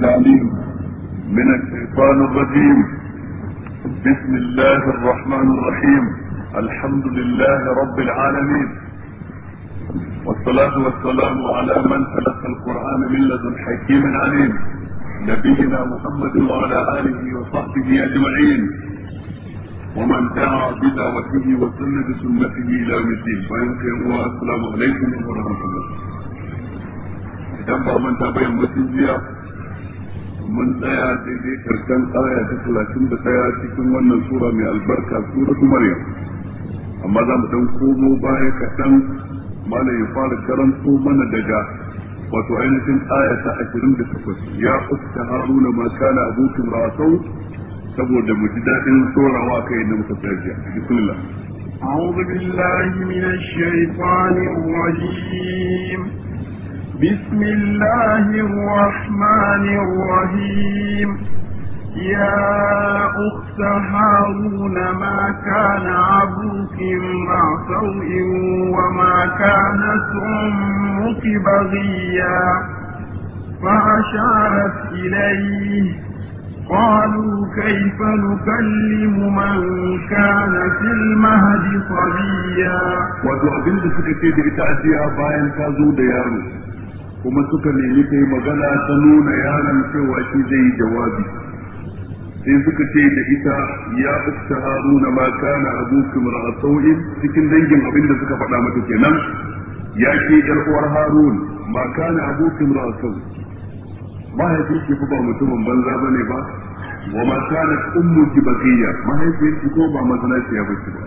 التعليم من الشيطان الرجيم بسم الله الرحمن الرحيم الحمد لله رب العالمين والصلاة والسلام على من تلقى القرآن من لدن حكيم عليم نبينا محمد وعلى آله وصحبه أجمعين ومن دعا بدعوته وسن بسنته إلى يوم الدين فينقل السلام عليكم ورحمة الله إذا ba manta bayan mutum mun tsaya daidai karshen aya ta talatin da tsaya cikin wannan sura mai albarka suratu maryam amma za mu dan komo baya kaɗan malam ya fara karanto mana daga wato ainihin aya ta da takwas ya usta haruna ma kana abokin rasau saboda mu ji daɗin tsorawa kai na muka tsaya bismillah أعوذ بالله من الشيطان الرجيم بسم الله الرحمن الرحيم يا أخت هارون ما كان أبوك مع سوء وما كانت أمك بغيا فأشارت إليه قالوا كيف نكلم من كان في المهد صبيا وتعبين بسكتي دي تأتيها باين كازو ديارو kuma suka nemi ta yi magana ta nuna yaron cewa shi zai yi jawabi sai suka ce da ita ya ukta haruna ma kana a sau'in cikin dangin abin da suka faɗa mata kenan ya ce yar uwar harun ma kana abuki mar'asau mahaifin ki ba mutumin banza ba ne ba wa ma kana ummuki baqiya mahaifin ki ko ba ya bace ba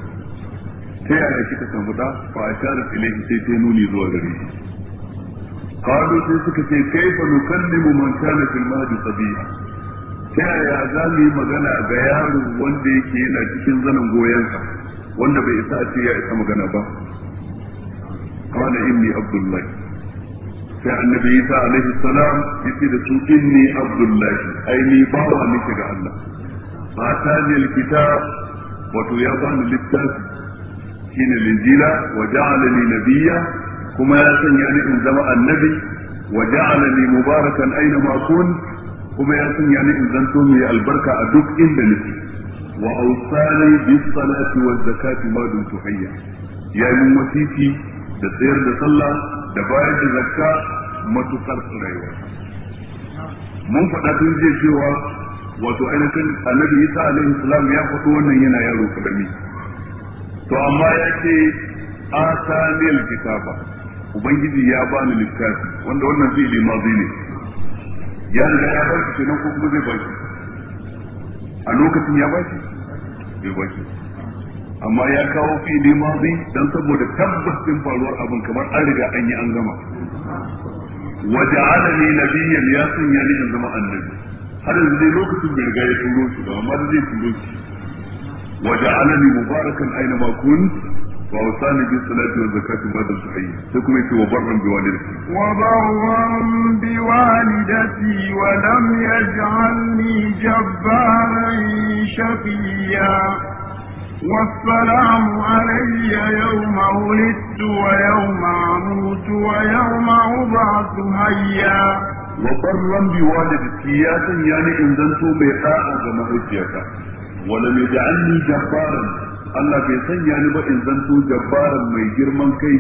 sai a kika samu da fa asharat sai ta nuni zuwa gare قالوا sai suka ce kaifa nukallimu man kana fil mahdi sabiya ta yaya za mu yi magana ga yaro wanda yake yana cikin zanen goyonsa wanda bai isa a ya isa magana ba قال إني عبد الله فالنبي عيسى عليه السلام يقول إني عبد الله أي لي بابا لك الله آتاني الكتاب وتيابان للتاسي حين الإنجيل وجعلني نبيا kuma ya sanya ni in zama annabi wa ja'alani mubarakan aina ma kuma ya sanya ni in zanto mai albarka a duk inda nake wa awsani bis ya yi da tsayar da sallah da bayar da zakka matukar rayuwa mun faɗa tun jiya cewa wato ainihin annabi isa alaihi salam ya faɗo wannan yana yaro karami to amma ya ce asanil kitaba ubangiji ya bani littafi wanda wannan zai limazi ne ya riga ya ba shi kenan ko kuma zai ba shi a lokacin ya ba shi zai ba shi amma ya kawo fi limazi dan saboda tabbacin faruwar abin kamar an riga an yi an gama na biyan ya sanya ni in zama annabi har yanzu dai lokacin bai riga ya turo shi ba amma zai turo shi waja'alani mubarakan aina ma وأوصاني بالصلاة والزكاة بعد الصحيح سكم وبرا بوالدتي وبرا بوالدتي ولم يجعلني جبارا شقيا والسلام علي يوم ولدت ويوم أموت ويوم أبعث هيا وبرا بوالدتي يا يعني إن زنت بيقاء ومهجيك ولم يجعلني جبارا Allah bai sanya ni ba in zanto jabbaran mai girman kai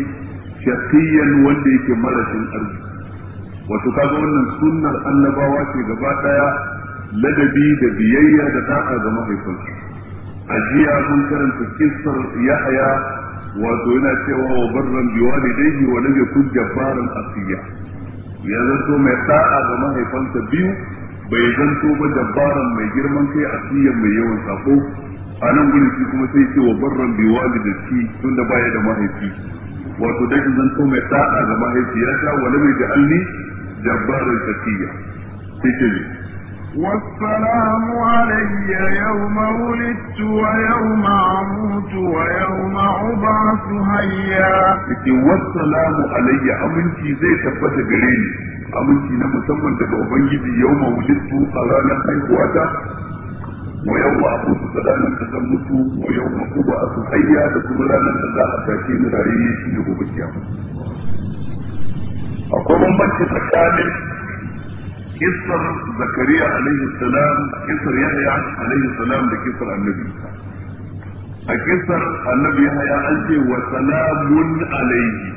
shaqiyan wanda yake marashin arziki wato kaga wannan sunnar annabawa ce gaba daya ladabi da biyayya da ta'a ga mahaifansu a jiya mun karanta kissar yahaya. wato yana cewa wa barran biwalidayhi wa lam yakun jabbaran asiya ya zanto mai ta'a ga mahaifansa biyu bai zanto ba jabbaran mai girman kai asiya mai yawan sako a nan gudun shi kuma sai ce wa barran bi walidati tunda baya da mahaifi wato dai zan to mai da'a ga mahaifiyata wala mai da alli jabbaran sakiya sai ce والسلام علي يوم ولدت ويوم أموت ويوم أبعث هيا والسلام علي أمنتي زي تبت قريني أمنتي نمسمن تبقى يوم ولدت أرانا حيث ta. wa yau ba ku su da nan ka san mutu wa yau ba ku ba su hayya da su kuma nan da za a tashi mu rayi shi da gobe kiyama akwai bambanci tsakanin kisar zakariya alaihi salam kisar yahya alaihi salam da kisar annabi a kisar annabi yahya an ce wa salamun alaihi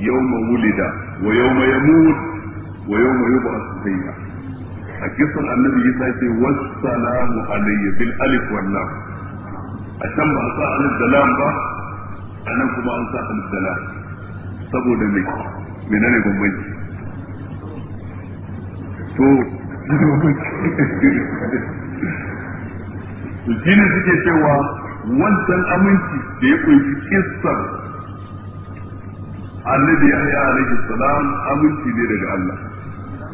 yawma wulida wa yawma yamut wa yawma yub'ath hayya a kisan annabi isa ce wassalamu alayhi bil alif wal lam a can ba a sa alif da lam ba a nan kuma an sa alif da lam saboda me menene bambanci to shi ne suke cewa wancan aminci da ya kunshi kissan annabi ya yi alayhi salam aminci ne daga Allah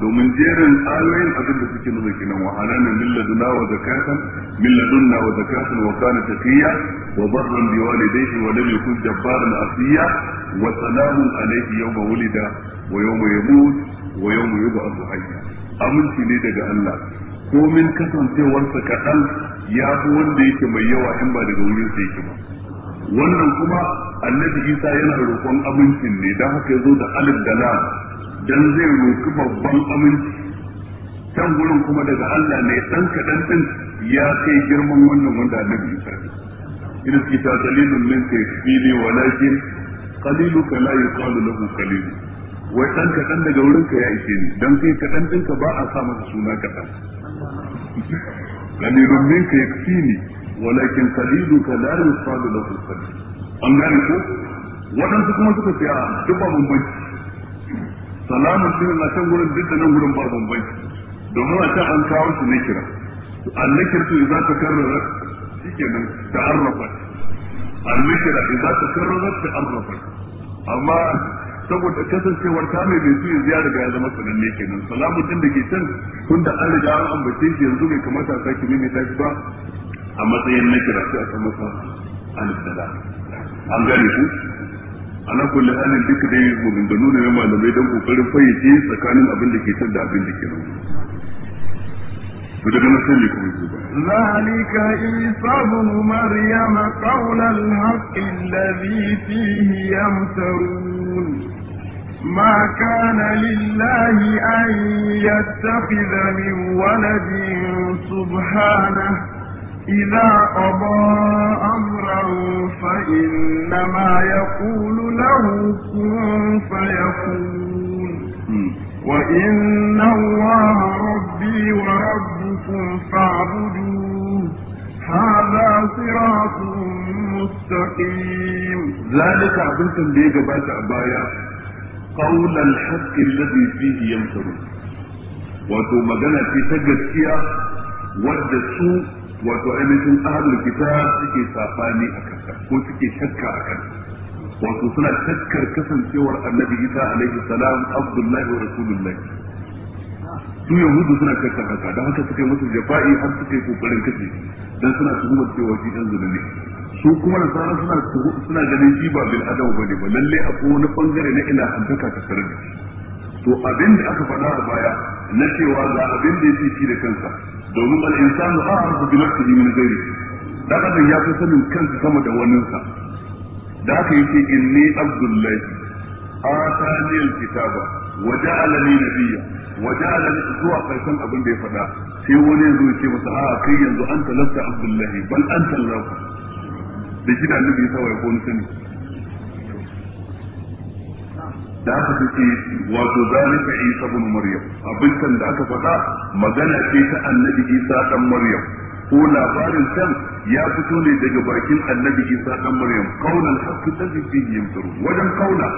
domin jerin ayoyin abin da suke nuna kinan wa halana min wa zakatan min ladunna wa zakatan wa kana taqiya wa barran bi walidayhi wa lam yakun jabbaran asiya wa salamun alayhi yawma wulida wa yawma yamut wa yawma yub'athu hayya aminci ne daga Allah komin kasancewarsa kaɗan ya fi wanda yake mai yawa in ba daga wurin sa yake ba wannan kuma annabi isa yana roƙon amincin ne don haka ya zo da alif da lam dan zai roki babban aminci can gurin kuma daga Allah ne dan kadan ɗin ya kai girman wannan wanda annabi ya sani ina ki ta dalilun min tafili walakin qaliluka la yuqalu lahu qalil wai dan kadan daga wurin ka ya ishe ni dan kai kadan din ka ba a sa masa suna kadan qalilun min yakfini walakin qaliluka la yuqalu lahu qalil an gane ko wadansu kuma suka ce a duk ba bambanci salamun din na can gurin duk da nan gurin ba bambai domin a can an kawo su nakira annakir to ta arrafa shikenan za ta karrara ta arrafa amma saboda kasancewar ta mai bai suyi ya riga ya zama sananne kenan salamun din da ke can tunda an riga an ambace shi yanzu bai kamata a sake mimita shi ba a matsayin nakira sai a samu sa al an gani su ala kulli halin duka dai maganganu ne na malamai don kokarin fayyace tsakanin abin da ke can da abin da ke nan daga nan sai ne kuma su ba zalika isa ibn maryam qawla al-haqq alladhi fihi yamtarun ما كان لله أن يتخذ من ولد سبحانه إذا أضاء أمرا فإنما يقول له كن فيكون وإن الله ربي وربكم فاعبدوه هذا صراط مستقيم ذلك عبدتم قبلت أبايا قول الحق الذي فيه ينصر وتو مجانا في تجد wadda سوء wato ainihin ahlul kitab suke safani a kansa ko suke shakka a kansa wato suna shakkar kasancewar annabi isa alaihi salam abdullahi wa rasulullahi su yahudu suna shakkar haka don haka suka yi musu jafa'i har suka yi kokarin kashe dan suna tuhumar cewa shi dan zulumi su kuma da sauran suna suna ganin shi ba bil adam bane ba lalle akwai wani bangare na ila hantaka ta tare da to abin da aka faɗa a baya na cewa ga abin da yake shi da kansa domin al-insanu a'rafu bi nafsihi min ghairi dan adam ya fi sanin kansa sama da waninsa da aka yi ce inni abdullahi atani al-kitaba wa ja'alani nabiyya wa ja'alani zuwa karshen abin da ya faɗa sai wani yanzu ya ce masa a kai yanzu anta lafta abdullahi bal anta allah da shi da annabi ya sa wa ya ko sani da aka kace wato zalika isa bin maryam abin kan da aka faɗa magana ce ta annabi isa dan maryam ko labarin can ya fito ne daga bakin annabi isa dan maryam kaunan hakki tafi fihi yamsuru wajen kauna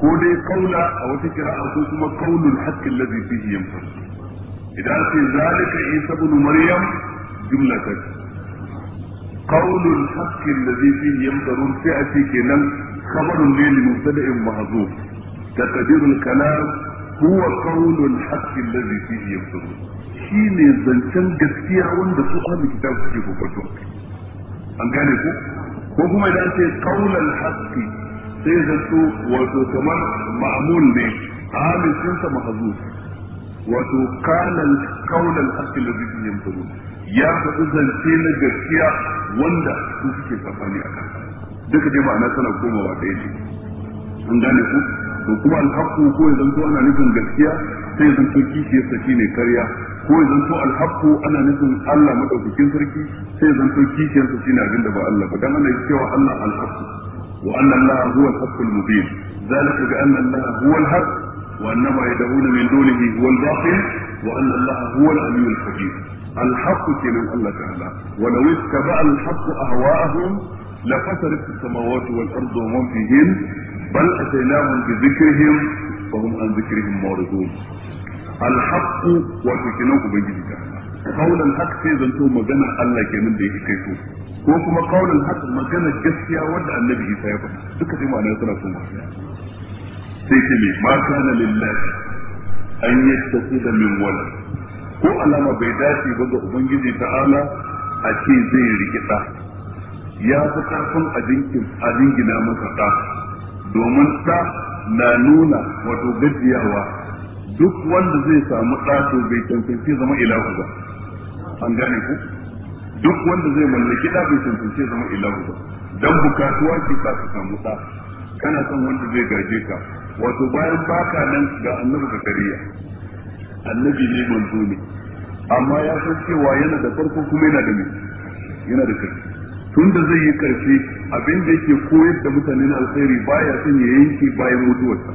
ko dai kaula a wata kira'a ko kuma kaunul hakki allazi fihi yamsuru idan ce zalika isa bin maryam jumla ta kaunul hakki allazi fihi yamsuru sai a ce kenan خبر لي لمبتدئ محظوظ تقدير الكلام هو قول الحق الذي فيه يفترون شيني زنشان جسكيا وند سؤال الكتاب سجيه فتوى an gane ku ko kuma idan ce kaulan haqqi sai zato wato kamar ma'mul ne amin sun sa mahzuf wato kana kaulan haqqi alladhi fihi yamtarun ya faɗi zance na gaskiya wanda su suke tsafani a kansa duka dai ma'ana tana komawa ɗaya ce an gane ku to kuma alhaqqu ko ya zanto ana nufin gaskiya sai ya zanto kishiyar sa shine karya ko ya zanto alhaqqu ana nufin Allah madaukakin sarki sai ya zanto kishiyar sa shine abinda ba Allah ba dan Allah ana cewa Allah alhaqqu wa anna Allah huwa alhaqqul mubin zalika bi anna Allah huwa alhaq wa anna ma yad'una min dunihi huwa albatil wa anna Allah huwa al-aliyyul kabir الحق كلام الله تعالى ولو اتبع الحق أهواءهم لفترت السماوات والأرض ومن فيهن بل أتيناهم بذكرهم فهم عن ذكرهم معرضون الحق وتكنوه بجد قول الحق في زنتو مجنى الله كمن دي كيفو ko kuma kaulan haka magana gaskiya wanda annabi Isa ya faɗa duka dai suna son gaskiya sai ce me ma kana lillahi an yattakhidha min walad ko alama bai dace ba ga ubangiji ala a ce zai rikida ya fi karfin abin gina masa ɗa domin ɗa na nuna wato gajiyawa duk wanda zai samu ɗa to bai cancanci zama ilahu ba an gane ku duk wanda zai mallaki ɗa bai cancanci zama ilahu ba dan bukatuwa ke sa ka samu ɗa kana son wanda zai gaje ka wato bayan baka nan ga annabi kariya annabi ne manzo ne amma ya san cewa yana da farko kuma yana da mai yana da kariya tun da zai yi karfi abin da yake koyar da mutane na alkhairi baya son ya yanke bayan mutuwarsa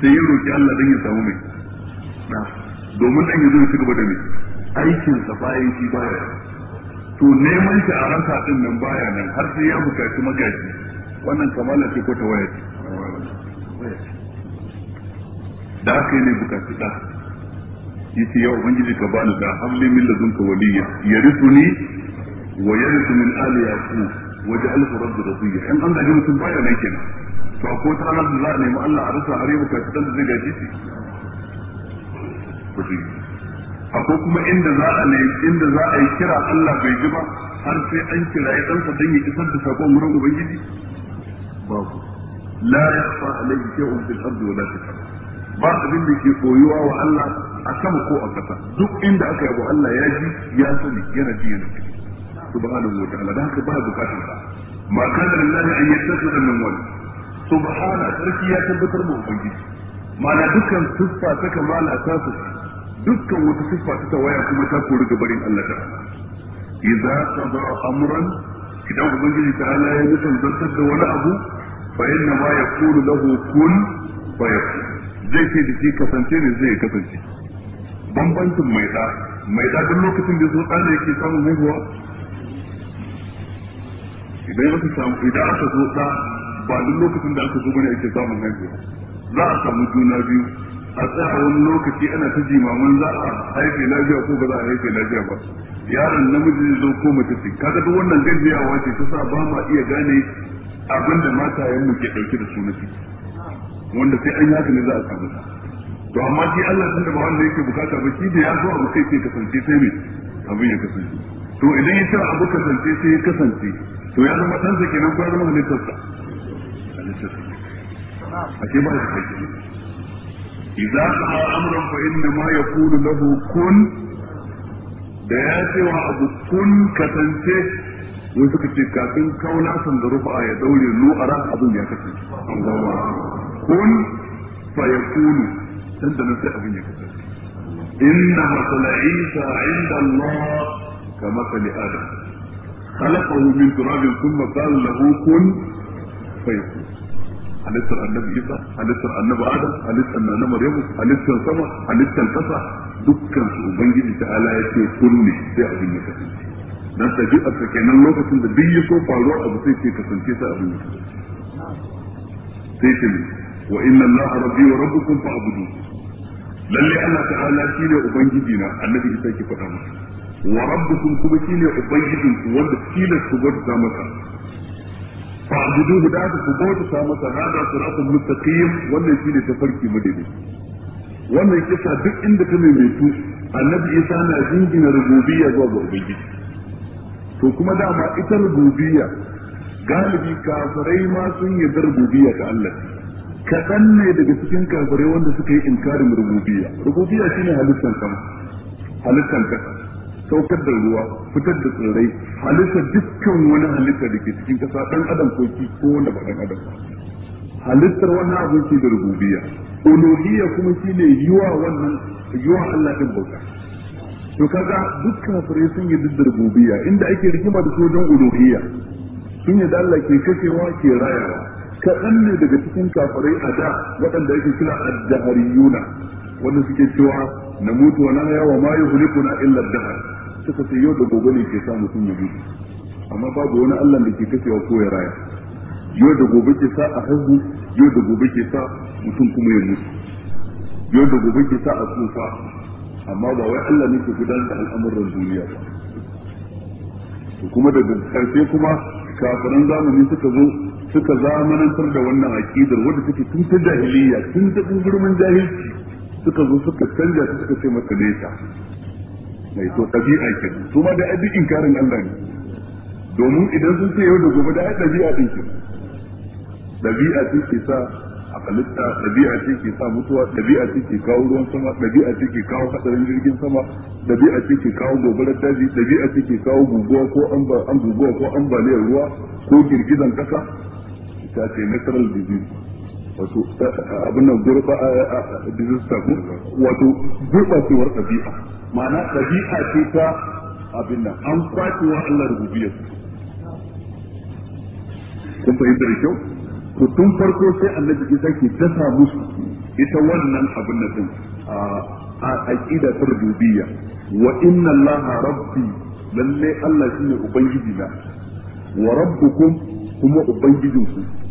sai ya roki Allah dan ya samu mai domin dan ya zo ci gaba da mai aikin sa bayan shi baya to neman shi a ranka din nan baya nan har sai ya bukaci magaji wannan kamala ce ko ta waya da aka yi ne bukaci da yace ya ubangiji ka bani da hamli min ladunka waliyya yarithuni wa yarisu min ali yaqub wa ja'alhu rabbi radiya in an gaji mutum baya nan kenan to ko ta ranar da nemi Allah a rasa har yau ka da gaji akwai kuma inda za a yi kira Allah bai ji ba har sai an kira ya dan dan da babu wa ba abin da ke koyuwa wa Allah a sama ko a ƙasa. duk inda aka yabo Allah ya ji ya sani yana ji yana ji subhanahu wa ta'ala dan haka ba bukatun sa ma kana lillahi an yattakhidha min wal subhana sarki ya tabbatar mu ubangiji mana dukkan siffa ta kamala ta su dukkan wata siffa ta tawaya kuma ta kori gabarin Allah ta idza qada amran idan ubangiji ta ala ya yi tantar da wani abu fa inna ma yaqulu lahu kun fa yakun zai ce da shi kasance ne zai kasance bambancin mai da mai da duk lokacin da zo da yake samun haihuwa idan aka samu idan aka zo da ba duk lokacin da aka zo bane ake samun haihuwa za a samu juna biyu a tsaya wani lokaci ana ta jimaman za a haife lafiya ko ba za a haife lafiya ba yaron namiji zo ko mace ce kaga duk wannan gajiyawa ce ta sa ba ma iya gane abin da matayen mu ke ɗauke da suna na wanda sai an yi ne za a samu ta to amma shi Allah tunda ba wanda yake bukata ba shi da ya zo abu kai ke kasance sai me abin ya kasance to idan ya cire abu kasance sai ya kasance to ya zama ɗansa kenan ko ya zama halittarsa ashe ba da kai idza qada amran fa inna ma yaqulu lahu kun da ya ce wa abu kun kasance wai suka ce kafin kauna san da rufa ya daure lu'ara abin ya kasance kun fa yakunu dan da nan sai abin ya kasance inna masala isa inda Allah كمثل آدم خلقه من تراب ثم قال له كن فيكون halittar annabi isa halittar annabi adam halittar na maryamu halittar sama halittar kasa dukkan su ubangiji ta ala ya ce kunne sai abin ya kasance dan tabi'a ta kenan lokacin da duk ya so abu sai ce kasance sai abin ya kasance sai ce wa inna ubangiji na annabi isa ke faɗa wa rabbukum kuma shine ubangijin ku wanda tilas ku bauta masa fa'buduhu da ku bauta masa hada siratul mustaqim wannan shine tafarki madadi. wannan kisa duk inda ta maimaitu annabi isa na jingina rububiyya zuwa ga ubangiji to kuma dama ita rububiyya galibi kafirai ma sun yarda rububiyya ga Allah kaɗan ne daga cikin kafirai wanda suka yi inkarin rububiyya rububiyya shine halittan sama halittan kasa saukar da ruwa fitar da tsirrai halitta dukkan wani halitta da ke cikin kasa dan adam ko ki ko wanda ba dan adam halittar wannan abin ke da rububiyya uluhiyya kuma shine yiwa wannan yiwa Allah din bauta to kaga dukkan fure sun yi da rububiyya inda ake rikima da sojan uluhiyya sun yi da Allah ke kashewa ke rayawa kaɗan ne daga cikin kafirai a da waɗanda ake kira ad-dahariyuna wanda suke cewa na mutu wa na yawa ma yi hulikuna illa dahar suka ce yau da gobe ne ke sa mutum ya mutu amma babu wani Allah da ke kashewa ko ya raya yau da gobe ke sa a haihu yau da gobe ke sa mutum kuma ya mutu yau da gobe ke sa a tsufa amma ba wai Allah ne ke gudanar da al'amuran duniya ba to kuma daga karshe kuma kafiran zamani suka zo suka zamanantar da wannan aqidar wadda take tun ta jahiliya tun ta gurgurumin jahilci suka zo suka canja su suka ce masa leta mai to ɗabi'a ke su ma da abin inkarin Allah ne domin idan sun ce yau da gobe da ai ɗabi'a ɗin ke ɗabi'a ce ke sa a halitta ɗabi'a ce ke sa mutuwa ɗabi'a ce ke kawo ruwan sama ɗabi'a ce ke kawo hatsarin jirgin sama ɗabi'a ce ke kawo gobarar daji ɗabi'a ce ke kawo guguwa ko an ko ambaliyar ruwa ko girgizan ƙasa ta ce natural disease wato abin nan gurfa disaster ko wato gurbacewar ɗabi'a ma'ana ɗabi'a ce ta abin nan an kwace wa Allah rububiyya kun fahimta da kyau to tun farko sai annabi Isa ke dasa musu ita wannan abin nan din a aqida ta rububiyya wa inna Allah rabbi lalle Allah shine ubangiji na wa rabbukum kuma ubangijinku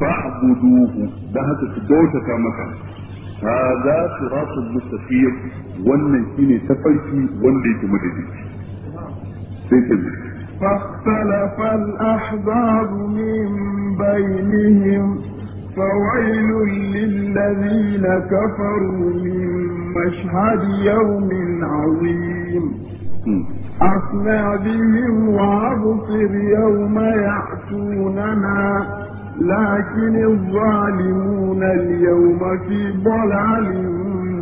فاعبدوه ده تسدوش كامكا هذا صراط المستقيم وانا يكيني تفايتي وانا يكيني فاختلف الأحزاب من بينهم فويل للذين كفروا من مشهد يوم عظيم أسمع بهم وأبصر يوم يأتوننا لكن الظالمون اليوم في ضلال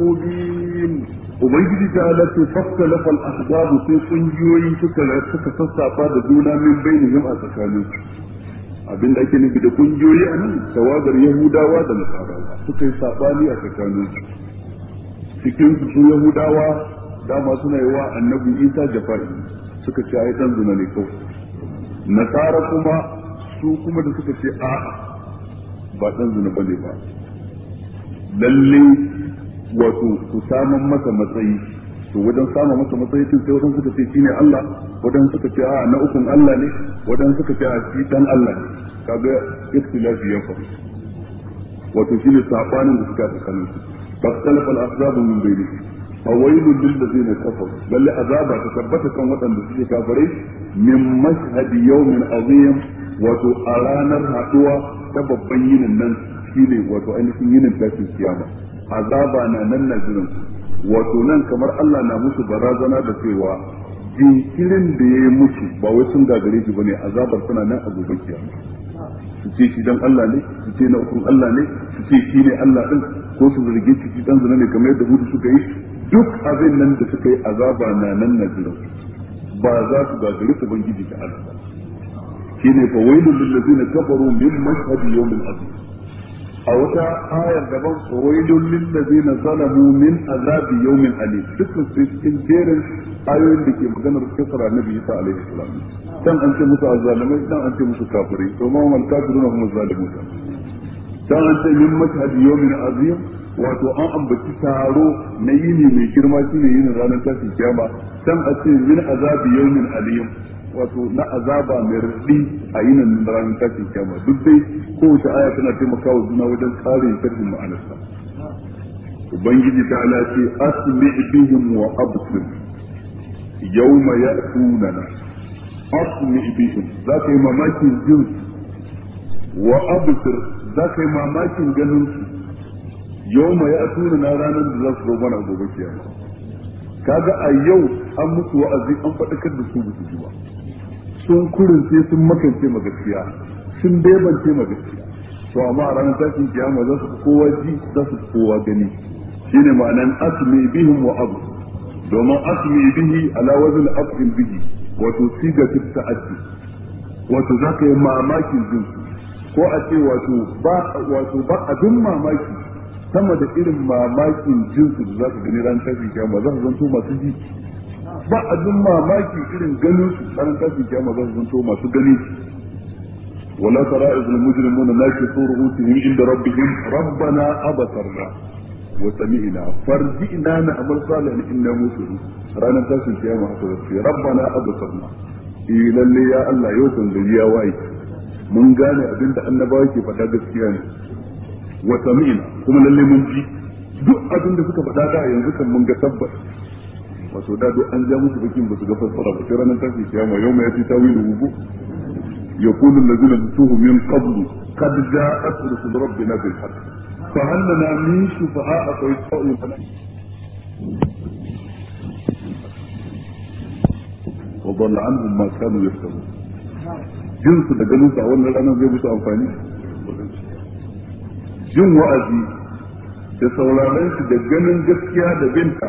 مبين ubangiji ta halatta fakka lafal ahbabu sai kungiyoyi suka suka sassafa da juna min a abin da ake nufi da kungiyoyi a nan tawagar yahudawa da nasara suka yi sabani a tsakanin cikin su yahudawa dama suna yi wa annabi isa jafari suka ce ai dan zuna ne kawai nasara kuma su kuma da suka ce a'a ba ɗan zina ba ne ba lalle wato ku saman masa matsayi to wajen samun masa matsayi tun sai wajen suka ce shi ne Allah wajen suka ce a'a na ukun Allah ne wajen suka ce a shi dan Allah ne kaga ikhtilafi ya faru wato shi ne sabanin da suka tsakanin su fa talafa al-asbab min bainihim fawailun lil ladina kafaru lalle azaba ta tabbata kan waɗanda suke kafirai min mashhadi yawmin azim wato a ranar haduwa ta babban yinin nan shine wato ainihin yinin tashin kiyama azaba na nan na jiran wato nan kamar Allah na musu barazana da cewa jinkirin da ya yi musu ba wai sun gagare shi bane azabar suna nan a gobe kiyama su ce shi dan Allah ne su ce na ukun Allah ne su ce shi ne Allah din ko su zargi shi dan zina ne kamar yadda hudu suka yi duk abin nan da suka yi azaba na nan na jiran ba za su gagari ubangiji ta Allah ne fa wailul lil ladina kafaru min mashhad yawmin azim a wata ayar daban fa wailul lil ladina zalamu min azab yawmin alim dukkan su cikin jerin ayoyin da ke maganar kisra nabi Isa alaihi salam dan an ce musu azzalimai dan an ce musu kafirai to ma wal kafiruna hum zalimun dan an ce min mashhad yawmin azim wato an ambaci taro na yini mai girma shine yinin ranar tashin kiyama can a ce min azabi yawmin alim wato na azaba mai rudi a yinin ranar tashin kiyama duk dai kowace aya tana taimakawa juna wajen kare karfin ma'anarsa ubangiji ta ala ce asmi bihim wa absir yawma ya'tunana asmi bihim za ka yi mamakin jin wa absir za ka yi mamakin ganin su yau ma ya tuna na ranar da za su zo mana gobe kiyama kaga a yau an mutu wa'azi an faɗakar da su musu ji ba sun kurince sun makance ma gaskiya sun bebance ma gaskiya to amma a ranar tashin kiyama za su kowa ji za su kowa gani shine ma'anan asmi bihim wa abu domin asmi bihi ala wazn afin bihi wato siga ta'addi wato ka yi mamakin jinsu ko a ce wato ba wato ba abin mamaki sama da irin mamakin jinsu da za ka gani ran tashin kiyama za su zanto masu ji ba abin mamaki irin ganin su ran tashin kiyama za su zanto masu gani ولا ترى إذ المجرمون ناكسوا رؤوسهم عند ربهم ربنا أبصرنا وسمعنا فارجئنا نعمل صالحا إنا موقنون رانا تاسن كيما حصلت ربنا أبصرنا eh lalle ya Allah yau kan ya waye mun gane abinda annabawa ke faɗa gaskiya ne wa sami'na kuma lalle mun ji duk abin da suka faɗa da yanzu kan mun ga tabbas wato da duk an ja musu bakin ba su ga fassara ba sai ranar tashi kiyama yau mai yati tawilu hubu يقول الذين نسوه من قبل قد جاءت رسل ربنا بالحق فهل لنا من شفعاء فيشفعوا لنا وضل عنهم ما كانوا يفترون جنس da ganin sa wannan ranar zai musu amfani jin wa'azi da sauraron shi da ganin gaskiya da binta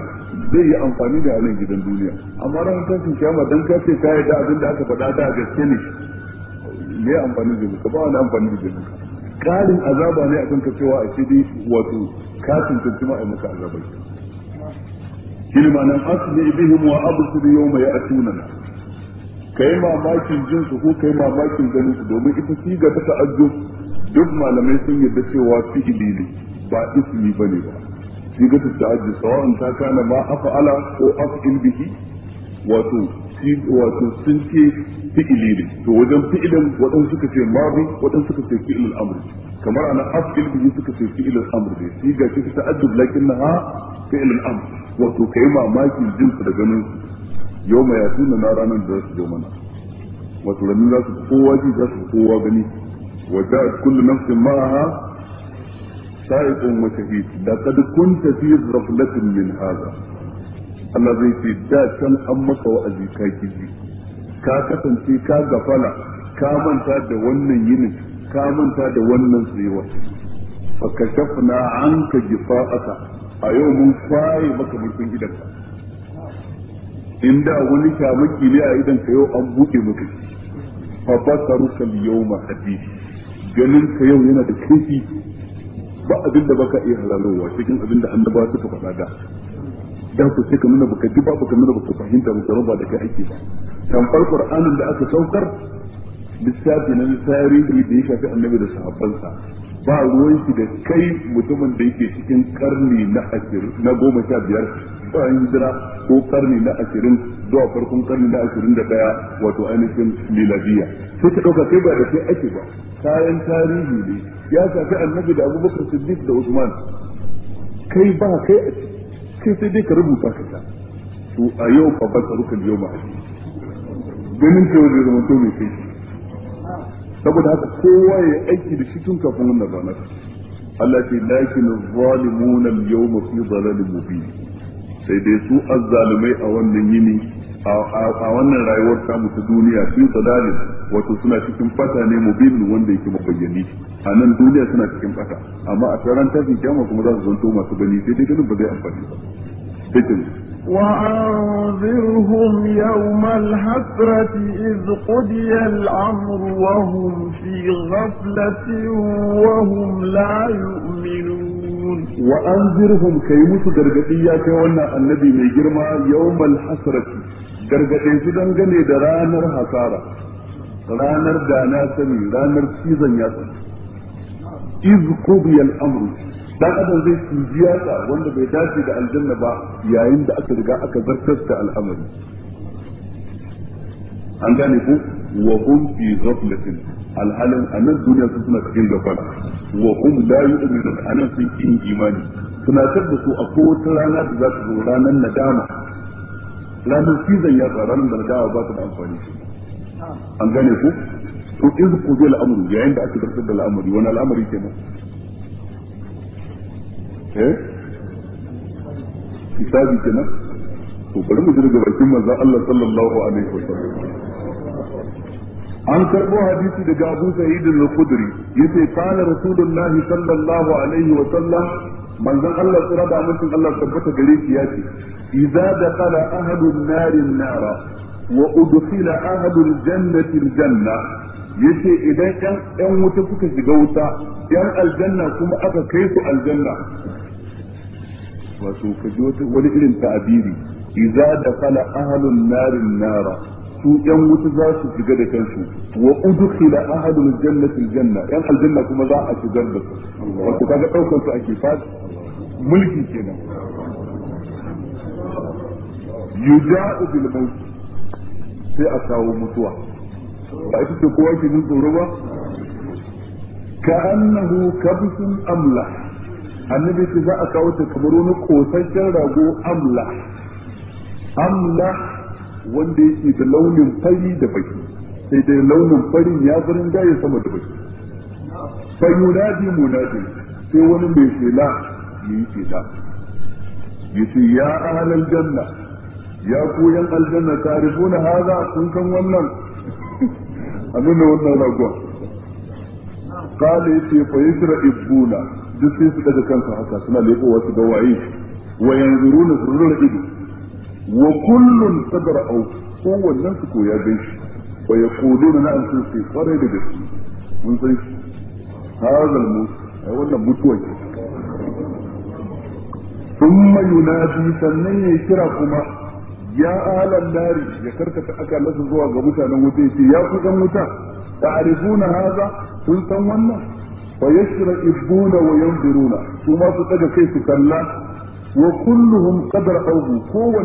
zai yi amfani da halin gidan duniya amma ran tashin kiyama dan ka ce kai da abin da aka faɗa da gaske ne me amfani da ka ba wani amfani da ka karin azaba ne akan ka cewa a cikin wato ka tuntunci ma a maka azaba shi ma nan asli bihim wa absir yawma Ka kai mamakin jinsu ko kai mamakin ganin su domin ita siga ta ta'ajjub duk malamai sun yarda cewa fi'ili ne ba ismi ba ne ba shi ta ta'addi sawa'un ta kana ma af'ala ko af'il bihi wato wato sun ce fi'ili ne to wajen fi'ilin waɗansu suka ce madi waɗansu suka ce fi'ilul amr kamar ana af'il bihi suka ce fi'ilul amr ne shi siga ce ta'addi lakinnaha fi'ilul amr wato kai mamaki jin da ganin yau mai yatuna na ranar da za su zo mana wato ranar za su kowa ji za su kowa gani وجاءت كل نفس معها سائق وشهيد لقد كنت في غفلة من هذا الذي في دا كان أمك وأزي كاكيزي كاكتن في كاغفلة كامن تاد ونن ينن كامن تاد ونن سيوة فكشفنا عنك جفاءك أيوم فاي بك ملكن إدنك inda wani shamaki ne a idan ka yau an buɗe maka fa basaruka al-yawma hadidi ganin ka yau yana da kaifi ba abin da baka iya halalowa cikin abin da annaba suka faɗa da dan ku sai ka nuna baka ji ba baka nuna baka fahimta baka roba da kai ake ba tamfar qur'anin da aka saukar lissafi na tarihi da ya shafi annabi da sahabbansa ba ruwan shi da kai mutumin da yake cikin karni na ashirin na goma sha biyar bayan hijira ko karni na ashirin zuwa farkon karni na ashirin da daya wato ainihin miladiya sai ta ɗauka kai ba da kai ake ba kayan tarihi ne ya shafi annabi da abubakar siddiq da usman kai ba kai a ciki sai dai ka rubuta ka ta to a yau babban tsarukan yau ma ganin cewa zai zama to mai kai saboda haka kowa ya aiki da shi tun kafin wannan ta, Allah ce lakin zalimun al yawm fi dhalalin mubin sai dai su azzalumai a wannan yini a wannan rayuwar ta mutu duniya su dhalalin wato suna cikin fata ne mubin wanda yake mabayyani a nan duniya suna cikin fata amma a tsaron tafi kyama kuma za su zanto masu gani sai dai ganin ba zai amfani ba وأنذرهم يوم الحسرة إذ قضي الأمر وهم في غفلة وهم لا يؤمنون وأنذرهم كيموت درجتيا كون النبي ميجرما يوم الحسرة درجتي سدن جني درانر حسارة رانر دانا سمي رانر سيزن إذ قضي الأمر dan adam zai tujiya sa wanda bai dace da aljanna ba yayin da aka riga aka zartar da al'amari an gane ku wa hum fi ghaflatin alhalin anan duniya su suna cikin gafara wa hum la yu'minun anan sun kin imani suna da su a wata rana da za ta zo ranar nadama ranar fizan ya fara ranar da nadama ba ta da amfani an gane ku to in ku je al'amari yayin da aka zartar da al'amari wani al'amari kenan eh hisabi kenan to bari mu daga bakin manzo Allah sallallahu alaihi wasallam an karbo hadisi daga Abu Sa'id al-Khudri yace qala Rasulullah sallallahu alaihi wasallam manzon Allah tsira da mutum Allah tabbata gare shi yace idza dakala ahadun narin nara wa udkhila ahadul jannati al-janna yace idan ɗan ɗan wuta suka shiga wuta yan aljanna kuma aka kai su aljanna wato ka ji wani irin ta'abiri idza dakhala ahlun narin nara su yan wuta za su shiga da kansu wa udkhila ahlul jannati aljanna yan aljanna kuma za a shigar da su wato kaga daukar su ake fa mulki kenan yuja'u bil maut sai a kawo mutuwa ba ita ce kowa ke tsoro ba كأنه كبش أملح annabi ce za a kawo ta kamar wani kosasshen rago amla amla wanda yake da launin fari da baki sai dai launin farin ya farin gaya sama da baki fa yunadi munadi sai wani mai fela ya yi shela yace ya ahlal janna ya ku yan haza wannan wannan ragon قال يتي فيشرع ابونا duk sai su daga kansa haka suna leƙowa su ga waye wa yanzuruna surrul ido wa kullun sadra au ko wannan su koya gan shi wa yaquluna na an sai kwarai da gaske mun san shi hazal mu ai wannan mutuwa ce thumma yunadi sannan ya kira kuma ya alan ya karkata aka nasu zuwa ga mutanen wuta yace ya ku dan wuta تعرفون هذا sun san wannan إبونا yashra'ibuna wa yanzuruna كيف كلا وكلهم daga kai su kalla wa kulluhum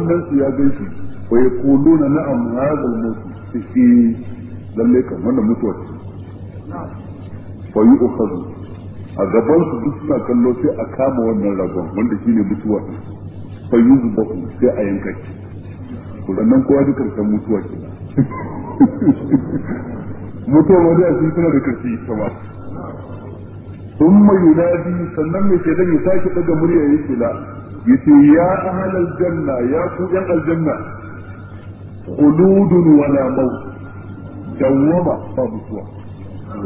ويقولون نعم هذا الموت ya ganshi من yaquluna na'am hadha al-maut shi lalle kan wannan mutuwar a gaban su duk suna kallo sai a kama wannan ragon wanda ne mutuwar fa sai a yanka ki. sannan kowa duk karshen mutuwar mutuwar wani a cikin da kirki ita ba sun mai yunadi sannan mai shaidan ya sake daga murya ya kila ya ce ya ahal aljanna ya ku yan aljanna quludun wala maut dawwama ba mutuwa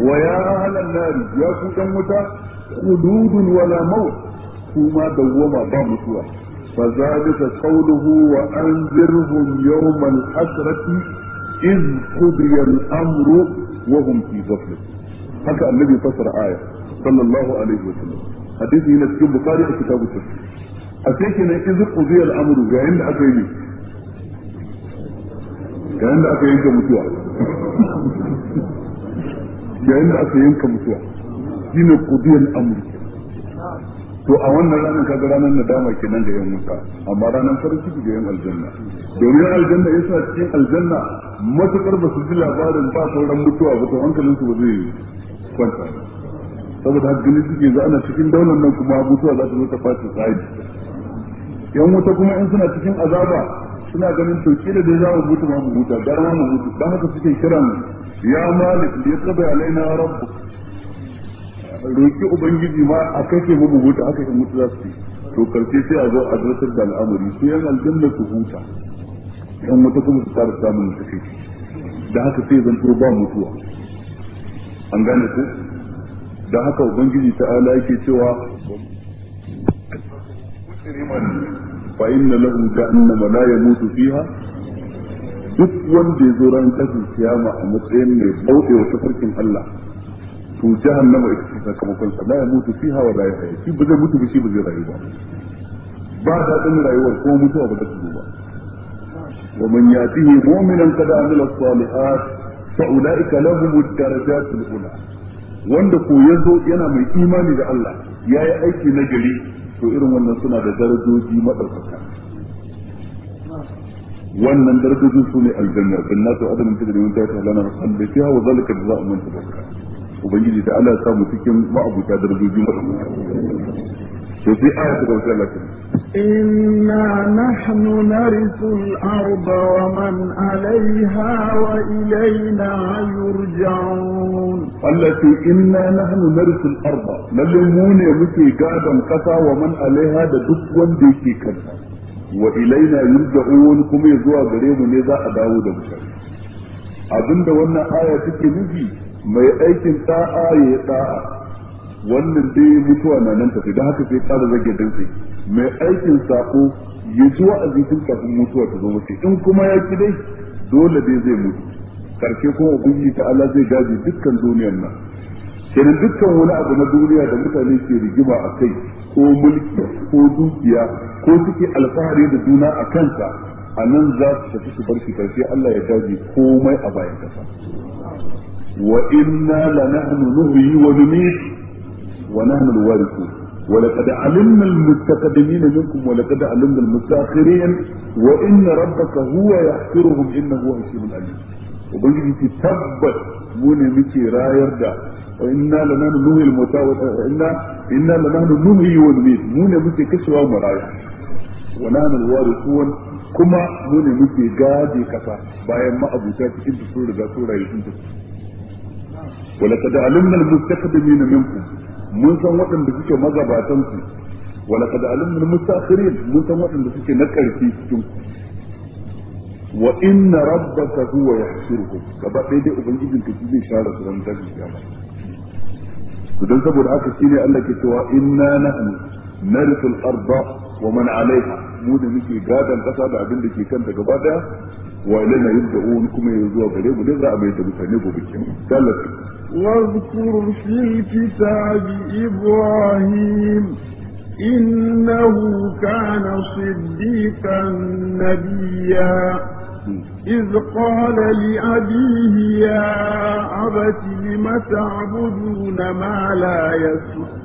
wa ya ahal annari ya ku yan wuta quludun wala maut kuma dawwama ba mutuwa فذلك قوله وأنذرهم يوم الحسرة iz qudiya al-amru wa hum fi ghaflah haka annabi aya sallallahu alaihi wasallam hadisi yana a kitabu tafsir a sai kenan iz qudiya al-amru ga yanda aka yi ga yanda aka yanka mutuwa ga aka yanka mutuwa amru to a wannan ranar kaga ranar nadama kenan da yan wuta amma ranar farin ciki da yan aljanna domin aljanna yasa cikin aljanna matuƙar ba su ji labarin ba sauran mutuwa ba to hankalin su ba zai kwanta saboda haka gani suke za ana cikin daular nan kuma mutuwa za ta zo ta face tsari yan wuta kuma in suna cikin azaba suna ganin to da dai za mu mutu ma mu huta gara ma mu mutu dan haka suke kiran ya malik ya qada alaina rabbuk roki ubangiji ma a kake mu mu huta haka in mutu za su to karfe sai a zo a zartar da al'amari sai yan aljanna su huta yan wata kuma su tsara samun ta ce da haka sai zanto ba mutuwa an gane ku da haka ubangiji ta'ala yake cewa fa inna lahu jahannama la yamutu fiha duk wanda ya zo ran tashin kiyama a matsayin mai bauɗe wa tafarkin Allah to jahannama ita ce sakamakon sa la yamutu fiha wa la yahya shi ba zai mutu ba shi ba zai rayu ba ba da ɗin rayuwar ko mutuwa ba ta zo ومن يأته مؤمنا قد عمل الصالحات فأولئك لهم الدرجات الأولى wanda ko ya zo yana mai imani da Allah ya yi aiki na gari to irin wannan suna da darajoji maɗaukaka wannan darajoji su ne aljanna bin nasu adam ta da mun ta lana rasul da fiha wa zalika jazaa'u man tabakka ubangiji da Allah ya samu cikin ma'abuta darajoji maɗaukaka وفي آية قلت لكم إنا نحن نرث الأرض ومن عليها وإلينا يرجعون التي إنا نحن نرث الأرض للمون يمكي قادا قطع ومن عليها دكوا بيكي كذا وإلينا يرجعون كم يزوى غريب نزا أداو دمشا أبن دوانا آية تكي نجي ما يأيكم تاء يتاء wannan dai mutuwa na nan tafi don haka sai tsara zage dantse mai aikin sako ya ji wa'azi kafin mutuwa ta zo mace in kuma ya ki dai dole dai zai mutu karshe kuma ubangiji ta Allah zai gaji dukkan duniyar nan kenan dukkan wani abu na duniya da mutane ke rigima a kai ko mulki ko dukiya ko suke alfahari da juna a kansa a nan za su tafi su barki karshe Allah ya gaji komai a bayan kasa wa inna lanahnu nuhyi wa numit ونحن الوارثون ولقد علمنا المستقدمين منكم ولقد علمنا المتاخرين وان ربك هو يحفرهم انه هو حكيم عليم وبنجي في تبت من مكي راير دا وإنا لنحن نهي الموتى وإنا إنا لنحن نهي ونميت من مكي كسوى مرايا ونحن الوارثون كما من مكي قادي كفا بايا ما أبو تاتي كنت سورة ذا سورة يسنتك علمنا المستقدمين منكم mun san waɗanda suke magabatan su wala kad alimna mustakhirin mun san waɗanda suke na ƙarfi cikin ku wa inna rabbaka huwa yahshuruhum gaba ɗaya dai ubangijin ka zai share su ran tashi kiyama to dan saboda haka shine Allah ke cewa inna nahnu narithul arda wa man alaiha mu da muke gadan kasa da abin da ke kanta gaba daya وإلينا يبدأ ونكم يزوى غريب ونزع بيت بسنبه بكم قالت واذكر في الكتاب إبراهيم إنه كان صديقا نبيا إذ قال لأبيه يا أبت لم تعبدون ما لا يسمع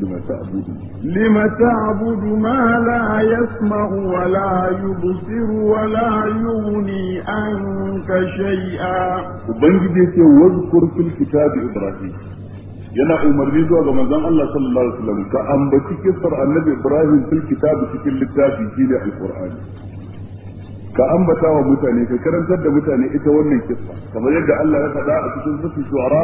لما تعبد لما تعبد ما لا يسمع ولا يبصر ولا يغني عنك شيئا وبنجد يسير واذكر في الكتاب إبراهيم ينا عمر ريزو أغا مزان الله صلى الله عليه وسلم كأن كأم بتكسر النبي إبراهيم في الكتاب في كل كتاب في القرآن كأن بتاوى wa mutane ka karantar da mutane ita wannan kissa kamar yadda Allah ya faɗa a cikin sura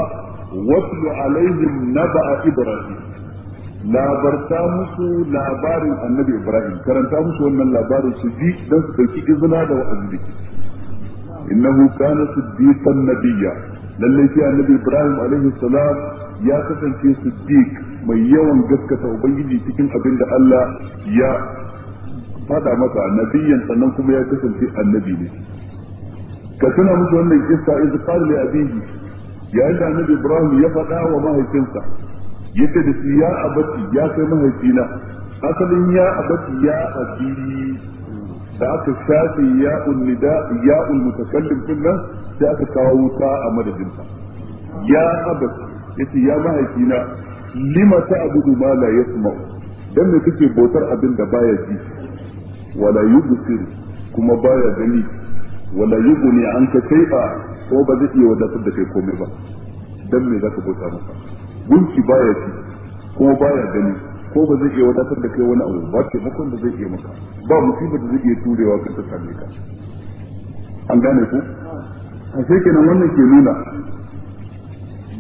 labarta musu labarin annabi ibrahim karanta musu wannan labarin su ji don su dauki izina da wa'azi da ke innahu kana siddiqan nabiyya lalle shi annabi ibrahim alaihi salam ya kasance siddiq mai yawan gaskata ubangiji cikin abin da Allah ya fada masa nabiyyan sannan kuma ya kasance annabi ne ka tuna musu wannan kissa iz qala li abihi yayin da annabi ibrahim ya faɗa wa mahaifinsa yadda da su ya abati ya kai mahaifina asalin ya abati ya abi da aka shafe ya unnida ya ulmutakallim din nan sai aka kawo wuta a madadinsa ya abati yace ya mahaifina lima ta'budu ma la yasma dan me kake bautar abin da baya ji wala yubsir kuma baya gani wala an ka kai ba ko ba zai iya wadatar da kai komai ba dan me zaka bauta masa gunki baya ci ko baya gani ko ba zai iya wadatar da kai wani abu ba ke makon da zai iya maka ba musiba da zai iya turewa kan ta same ka an gane ku a sai kenan wannan ke nuna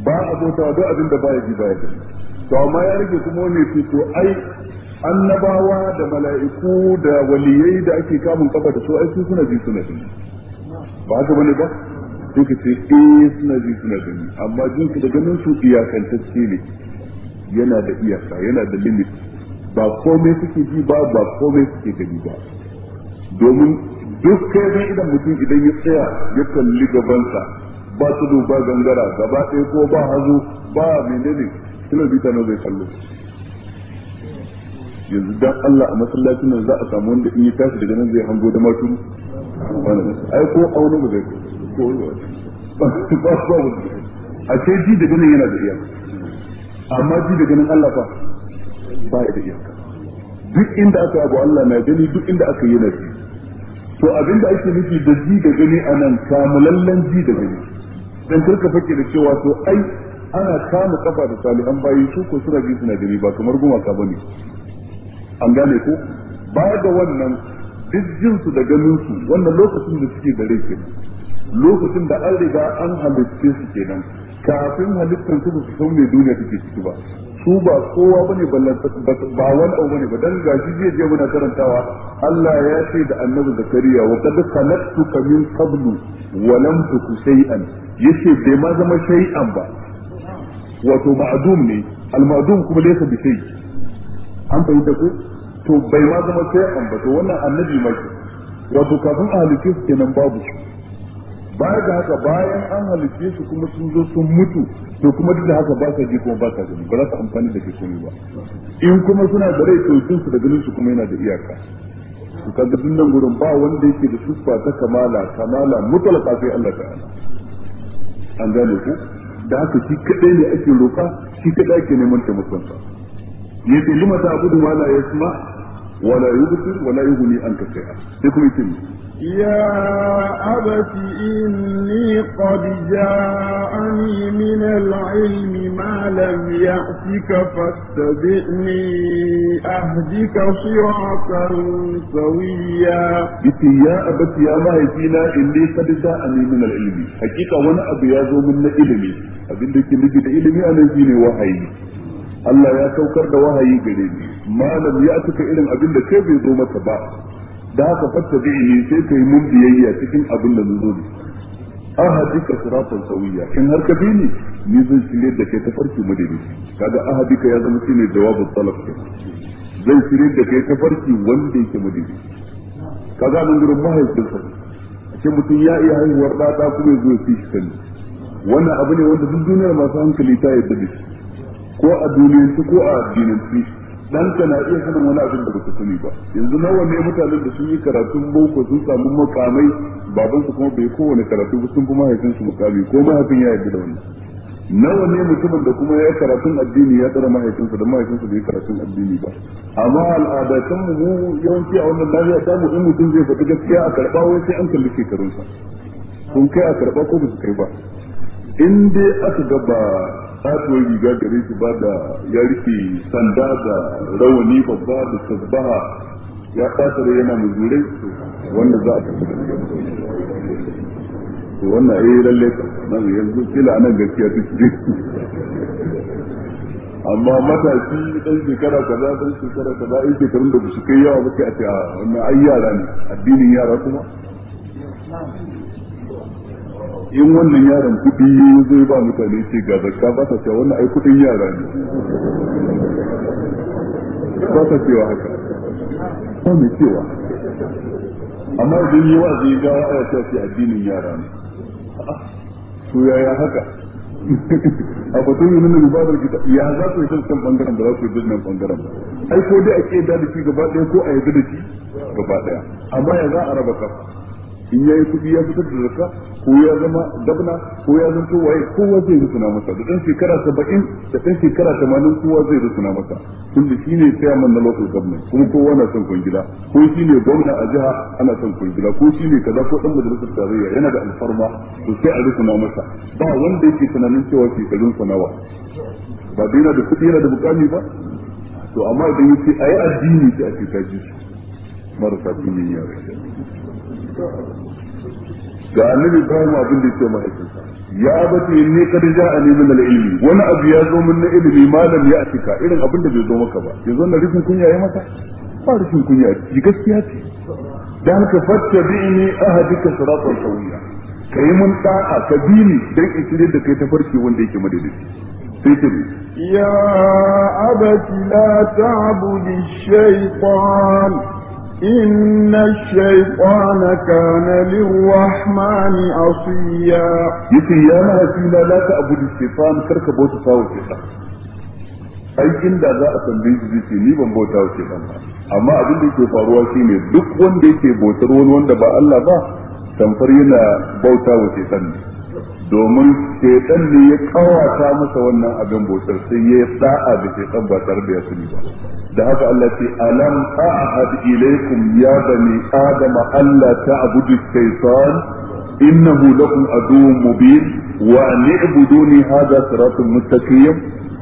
ba a bauta duk abin da baya ji baya gani to amma ya rage kuma wani ce to ai annabawa da mala'iku da waliyai da ake kamun kafa da su ai su suna ji suna ji ba haka bane ba sai ka ce eh suna ji suna gani amma jin su da ganin su iyakantacce ne yana da iyaka yana da limit ba komai suke ji ba ba komai suke gani ba domin duk kai zai idan mutum idan ya tsaya ya kalli gabansa ba tudu ba gangara gaba ɗaya ko ba hazo ba menene bita na zai kallo yanzu dan Allah a masallacin nan za a samu wanda in ya tashi daga nan zai hango da matu ai ko auna ba zai ko ba ba a ce ji da ganin yana da iyaka amma ji da ganin Allah fa ba ya da iyaka duk inda aka abu Allah na gani duk inda aka yi na ji to abinda ake nufi da ji da gani a anan kamulallen ji da gani dan karka fake da cewa to ai ana kama kafa da salihan bayi su ko suna ji suna gani ba kamar gumaka bane an gane ko Ba da wannan duk jinsu da ganin su wannan lokacin da suke da rai kenan lokacin da an riga an halitce su kenan kafin halittar su su san mai duniya take ciki ba su ba kowa bane ba wani abu bane ba dan gashi jiya je muna karantawa Allah ya ce da Annabi Zakariya wa qad khalaqtuka min qablu wa lam tuku shay'an yace bai ma zama shay'an ba wato ma'dum ne al-ma'dum kuma laysa bi shay an da ku to bai ma zama shay'an ba to wannan annabi ma wato kafin a halicce su kenan babu baya da haka bayan an halitte su kuma sun zo sun mutu to kuma duk da haka ba sa ji kuma ba sa gani ba za ta amfani da kishin ba in kuma suna da rai to su da ganin su kuma yana da iyaka to kaga nan gurin ba wanda yake da siffa ta kamala kamala mutalaka sai Allah ta'ala an gane ku da haka shi kadai ne ake roka shi kadai ake neman taimakon sa yace lima ta abudu wala yasma wala yubtir wala yughni anka shay'a sai kuma yace يا أبت إني قد جاءني من العلم ما لم يأتك فاتبعني أهدك صراطا سويا قلت يا أبت يا ما يجينا إني قد جاءني من العلم حقيقة وانا أبياز من العلم أبين لك نجد علمي أنا جيني وحي الله يا saukar da wahayi ما لم يأتك ya tuka irin abin da da haka fatta ni sai kai mun biyayya cikin abin da zo ne ahadika siratan sawiya kin har ka bi ni ni zan shirye da kai ta farki madadi kaga ahadika ya zama shine jawabin salaf zan shirye da kai ta farki wanda yake madadi kaga nan gurin A ce mutum ya iya haihuwar ɗaɗa kuma ya zo fi shi kan wannan abu ne wanda duk duniyar masu hankali ta yarda da shi ko a duniyar ko a addinin shi ka na iya sanin wani abin da baka sani ba yanzu nawa ne mutanen da sun yi karatun boko sun samu makamai baban su kuma bai kowane karatu ba sun kuma haifin su mukami ko mahaifin ya yarda da wani? nawa ne mutumin da kuma ya yi karatun addini ya tsara mahaifinsa da mahaifinsa bai karatun addini ba amma al'adatan mu yawanci a wannan lafiya ta mu in mutum zai faɗi gaskiya a karɓa wai sai an kalli shekarunsa sun kai a karɓa ko ba su kai ba in dai aka ga ba katuwar riga gare shi ba da ya rike sanda da rawani babba da sabbaha ya fata da yana mujurai wanda za a tafi to wannan ai eh, lalle nan yanzu kila nan gaskiya take amma matashi dan shekara kaza dan shekara kaza ai shekarun da su kai yawa ba kai a ce ah, wannan ai yara ne addinin yara kuma in wannan yaron kuɗi ya zo ba mutane ce ga zakka ba ta cewa wannan ai kuɗin yara ne ba ta cewa haka ba mai cewa amma idan yi wa'azi ga wa'aya ta ce addinin yara ne to yaya haka a batun yi nuna rubabar gida ya za su yi sassan bangaren da za su yi birnin bangaren ai ko dai a ke da shi gaba ɗaya ko a yi da gaba ɗaya amma ya za a raba kafa in yayi kudi ya fitar da zakka ko ya zama dabna ko ya zanto waye kowa zai rusuna masa da dan shekara 70 da dan shekara 80 kowa zai rusuna masa da shine chairman na local government kuma kowa na son kungila ko shine gwamna a jiha ana son kungila ko shine kaza ko dan majalisar tarayya yana da alfarma to sai a rusuna masa ba wanda yake tunanin cewa shekarun sa nawa ba dai yana da kudi yana da bukami ba to amma idan yace ayi addini sai a ce kaji marasa kunya yare ga annabi Ibrahim abin da yake sa. ya abati kada ja ja'ani min al-ilmi wani abu ya zo min na ilimi malam ya atika irin abin da bai zo maka ba yanzu na rufin kunya ya mata. ba rufin kunya ji gaskiya ce dan haka ni ahadika siratan sawiya kai mun da'a ka bi dan in da kai ta farki wanda yake madadi sai ce ya abati la ta'budish shaytan إن الشيطان كان للرحمن عصيا يتي يا مهتينا لا تعبد الشيطان ترك بوت ساو الشيطان ai inda za a tambaye shi zai ce ni ban bauta wa shaitan ba amma abin da yake faruwa shine duk wanda yake bautar wani wanda ba Allah ba tamfar yana bauta domin shaitan ne ya kawata masa wannan abin bautar sai ya da'a da shaitan ba tare da ya sani ba da haka Allah ce alam a'ad ilaykum ya bani adam alla ta'budu shaytan innahu lakum aduwwun mubin wa an i'buduni hadha siratun mustaqim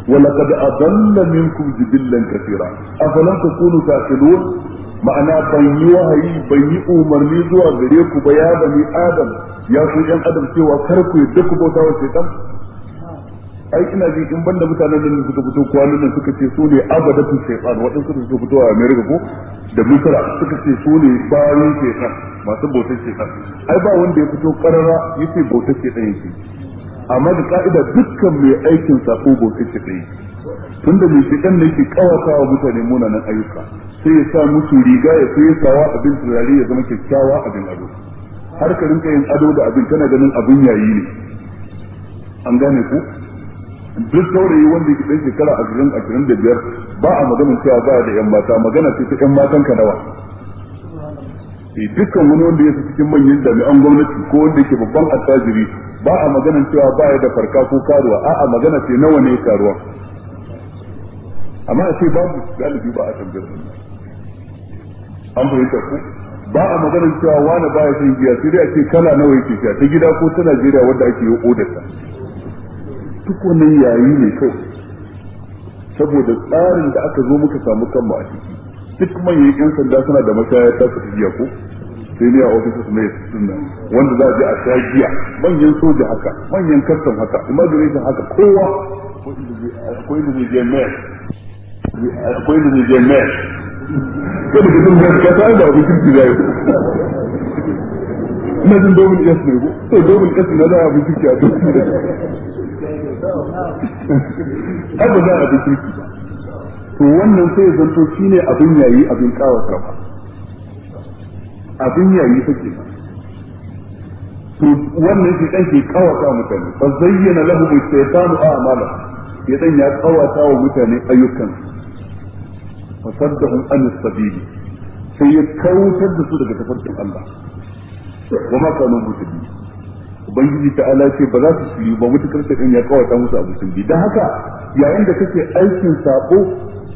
ولقد أضل منكم جبلا كثيرا أفلم تكونوا تعقلون ma'ana ban yi wahayi ban yi umarni zuwa gare ku ba ya bani adam ya ku yan adam cewa kar ku yadda ku bauta wa shaitan ai ina ji in banda mutanen nan suka fito kwanan nan suka ce su ne abadatu shaytan waɗansu da suka fito a America ko da Misra suka ce su ne bayan shaytan masu bautar shaytan ai ba wanda ya fito karara yace bautar shaytan yake amma da ka'ida dukkan mai aikin sako bautar shaytan yake tunda mai shaytan ne yake kawatawa mutane munanan ayyuka sai ya sa musu riga ya sai sawa abin turare ya zama kyakkyawa abin ado har ka rinka yin ado da abin kana ganin abin yayi ne an gane ku duk saurayi wanda yake dan shekara ashirin ashirin da biyar ba a maganin cewa ba da yan mata magana ce ta yan matan ka nawa eh, dukkan wani wanda ya cikin manyan jami'an gwamnati ko wanda ke babban attajiri ba a maganin cewa ba ya da farka ko karuwa a'a magana ce nawa ne karuwa amma a ce babu galibi ba a tambayar an fahimta ku ba a maganin cewa wani baya son giya sai dai a ce kala nawa yake ta gida ko ta Najeriya wanda ake yi odarsa duk yayi ne kawai saboda tsarin da aka zo muka samu kanmu a ciki duk manyan yan sanda suna da mashaya ta su jiya ko sai ne a ofis ne nan wanda za a je a sha giya manyan soja haka manyan custom haka immigration haka kowa akwai da zai je mayor akwai da zai je mayor kada ka san da ka san da abin kirki zai ina jin domin yes ne ko to domin yes na za a bi ciki a dokin da haka za a bi ciki to wannan sai ya zanto shine abin yayi abin kawo karfa abin yayi take to wannan shi dan ke kawata mutane fa zayyana lahum shaytanu a'mala ya dan ya kawata wa mutane ayyukan fa saddahum an sabili sai ya kautar da su daga tafarkin Allah wa ma kanu musulmi ubangiji ta ala ce ba za su shiri ba mutukar ta ya kawata musu abu sun bi haka yayin da kake aikin sako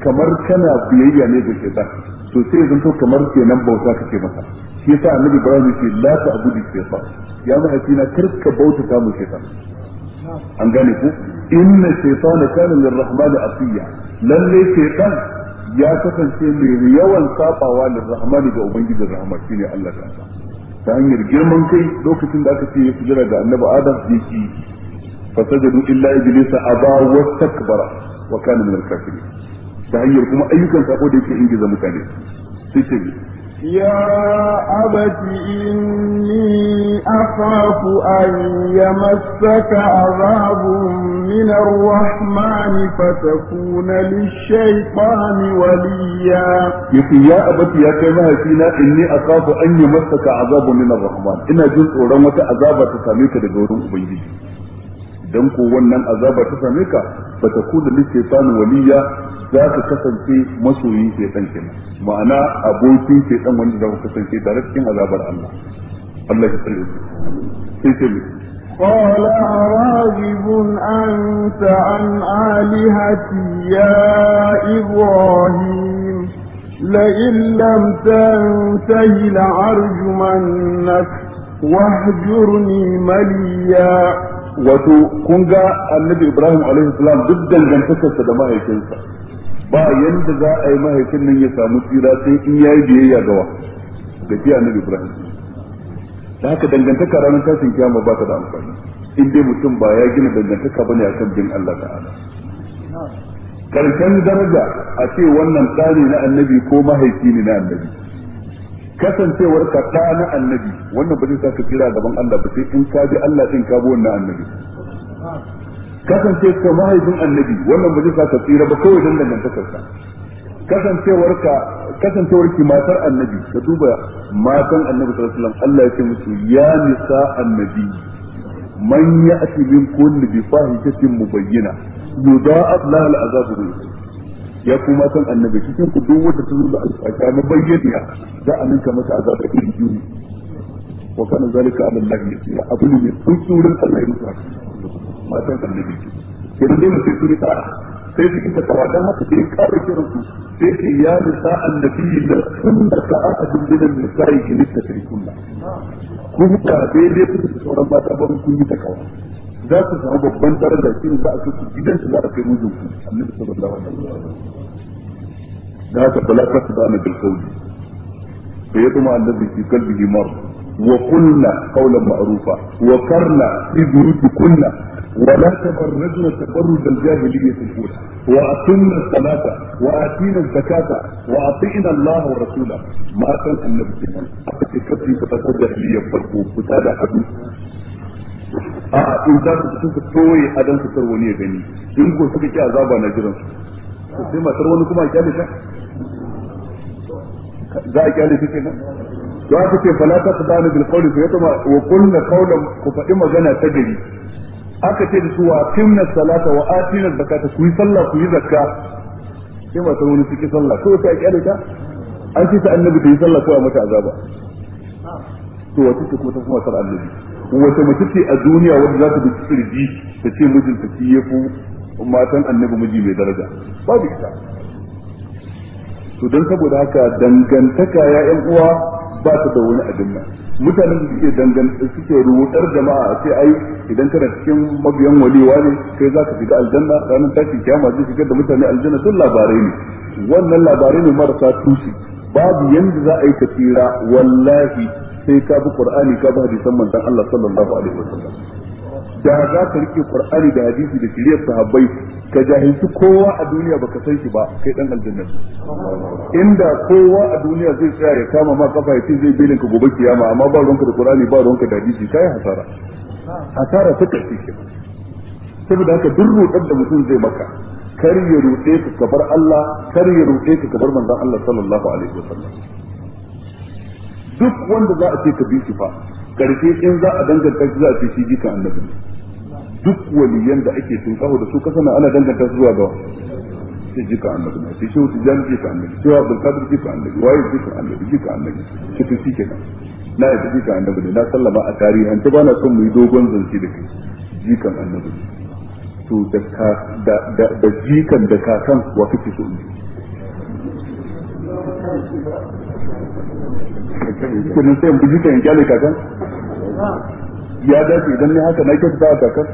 kamar kana biyayya ne ga shaitan to sai zanto kamar kenan bauta kake masa shi yasa annabi ibrahim ce la ta abudu shaytan ya hakina na karka bauta ta mu shaytan an gane ku inna shaytana kana da asiya lalle shaytan ya kasance mai yawan sabawa lirrahmani ga ubangijin rahama shine Allah ta'ala ta hanyar girman kai lokacin da aka ce ya sujada ga annabi adam ya ki fasajadu illa iblisa aba wa takbara wa kana min al-kafirin ta hanyar kuma ayyukan ko da yake ingiza mutane sai ce يا أبت إني أخاف أن يمسك عذاب من الرحمن فتكون للشيطان وليا يقول يا أبت يا كما فينا إني أخاف أن يمسك عذاب من الرحمن إن جزء رمى عذاب تساميك لجورم بيدي دمكو ونن عذاب azaba فتكون للشيطان وليا za ka kasance masoyin shaitan kenan ma'ana abokin shaitan wanda za ku kasance da cikin azabar Allah Allah ya tsare ku sai ce قال أراغب أنت عن آلهتي يا إبراهيم لئن لم تنته لأرجمنك واهجرني مليا wato kun ga annabi ibrahim alaihi salam duk dangantakarsa da mahaifinsa ba yanda za a yi mahaifin nan ya samu tsira sai in ya yi biyayya ga wa ga shi na Ibrahim da haka dangantaka ranar tashin kiyama ba ta da amfani in dai mutum ba ya gina dangantaka bane kan bin Allah ta'ala karshen daraja a ce wannan tsari na annabi ko mahaifi ne na annabi kasancewar ka ta na annabi wannan ba zai sa ka kira gaban Allah ba sai in ka bi Allah din ka bi wannan annabi kasance ka mahaifin annabi wannan ba sa ka tsira ba kawai dan ka kasancewar ka kasancewar ki matar annabi ka duba matan annabi sallallahu alaihi Allah ya ce musu ya nisa annabi man ya'ti min kulli bi fahishatin mubayyina yudha'af laha al'azab ya kuma san annabi cikin ku duk wata tunu da alfaka mabayyana za a ninka mata azaba iri juri wa kana zalika ala Allah ya abu ne tsurin Allah ya mutu matan annabi kenan dai mutum sun yi sa'a sai su isa tawadan haka sai kare kiran su sai ya da kunna ka ahadin kun bai da sauran mata ba kun yi za samu babban daraja shi za a gidan a kai mijin ku annabi sallallahu alaihi da haka su da na sai kuma annabi kalbi mar وقلنا قولا معروفا وقرنا في بيوتكن ولا تبرجن تبرج الجاهلية الأولى وأقمنا الصلاة وآتينا الزكاة وأطعنا الله ورسوله ما كان النبي صلى الله عليه وسلم أتكفي فتاة جاهلية فرقو فتاة حديث a'a in za su fito su toye adon su tarwo ne gani in ko suka ki azaba na jiran su sai matar wani kuma a kyale ta za a kyale ta kenan da aka ce fala ta ta dani bil qawli fa yatma wa qulna qawlan ku faɗi magana ta gari aka ce da su wa aqimna salata wa atina zakata ku yi sallah ku yi zakka sai ma ta wani ciki sallah ko ta kyale ta an ce ta annabi ta yi sallah ko a mata azaba to wata ce kuma ta kuma sar annabi wata mace ce a duniya wanda za ta bi kirji ta ce mijinta shi ya fi matan annabi miji mai daraja babu ita to don saboda haka dangantaka ya yan uwa ba su da wani abin nan mutanen da suke dangan suke rubutar jama'a sai ai idan kana cikin mabiyan waliwa ne kai za ka shiga aljanna ranar tashin kiyama zai shigar da mutane aljanna sun labarai ne wannan labarai ne marasa tushe babu yanda za a yi ka tsira wallahi sai ka bi qur'ani ka bi hadisan manzon Allah sallallahu alaihi wasallam da za ka rike qur'ani da hadisi da shirya sahabbai ka jahilci kowa a duniya baka san shi ba kai dan aljanna inda kowa a duniya zai tsaya ya kama ma kafa ya ce zai bilin ka gobe kiyama amma ba ruwanka da qur'ani ba ruwanka da hadisi kai hasara hasara ta kace ke saboda haka duk rudar da mutum zai maka kar ya rude ka kabar Allah kar ya rude ka kabar manzon Allah sallallahu alaihi wasallam duk wanda za a ce ka bi shi fa karfe in za a danganta shi za a ce shi jika annabi duk waliyan da ake sun tunkaho da su kasana ana danganta zuwa ga sai jika annabi ne sai shehu tijjani jika annabi cewa abdul kadir jika annabi waye jika annabi jika annabi shi to shike nan na yi jika annabi ne na sallama a an ta bana son mu yi dogon zance da kai jika annabi to da da da jikan da kakan wa kake so in kenan sai mu jikan kyale kakan ya dace idan ne haka na kyautata a kakar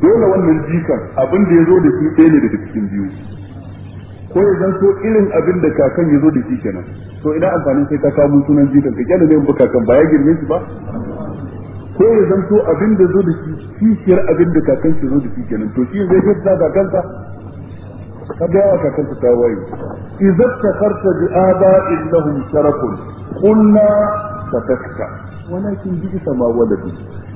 dole wannan jikan abin da ya zo da shi ɗaya ne daga cikin biyu ko ya zan so irin abin da kakan ya zo da shi kenan to ina amfanin sai ka kawo sunan jikan ka kyana ne ba kakan ba ya girme shi ba ko ya zan so abin da zo da shi kishiyar abin da kakan shi zo da shi kenan to shi zai kyautata kakansa ka ga yawa kakansa ta waye idan ta farta bi aba illahum sharakun qulna satakta walakin bisa ma waladu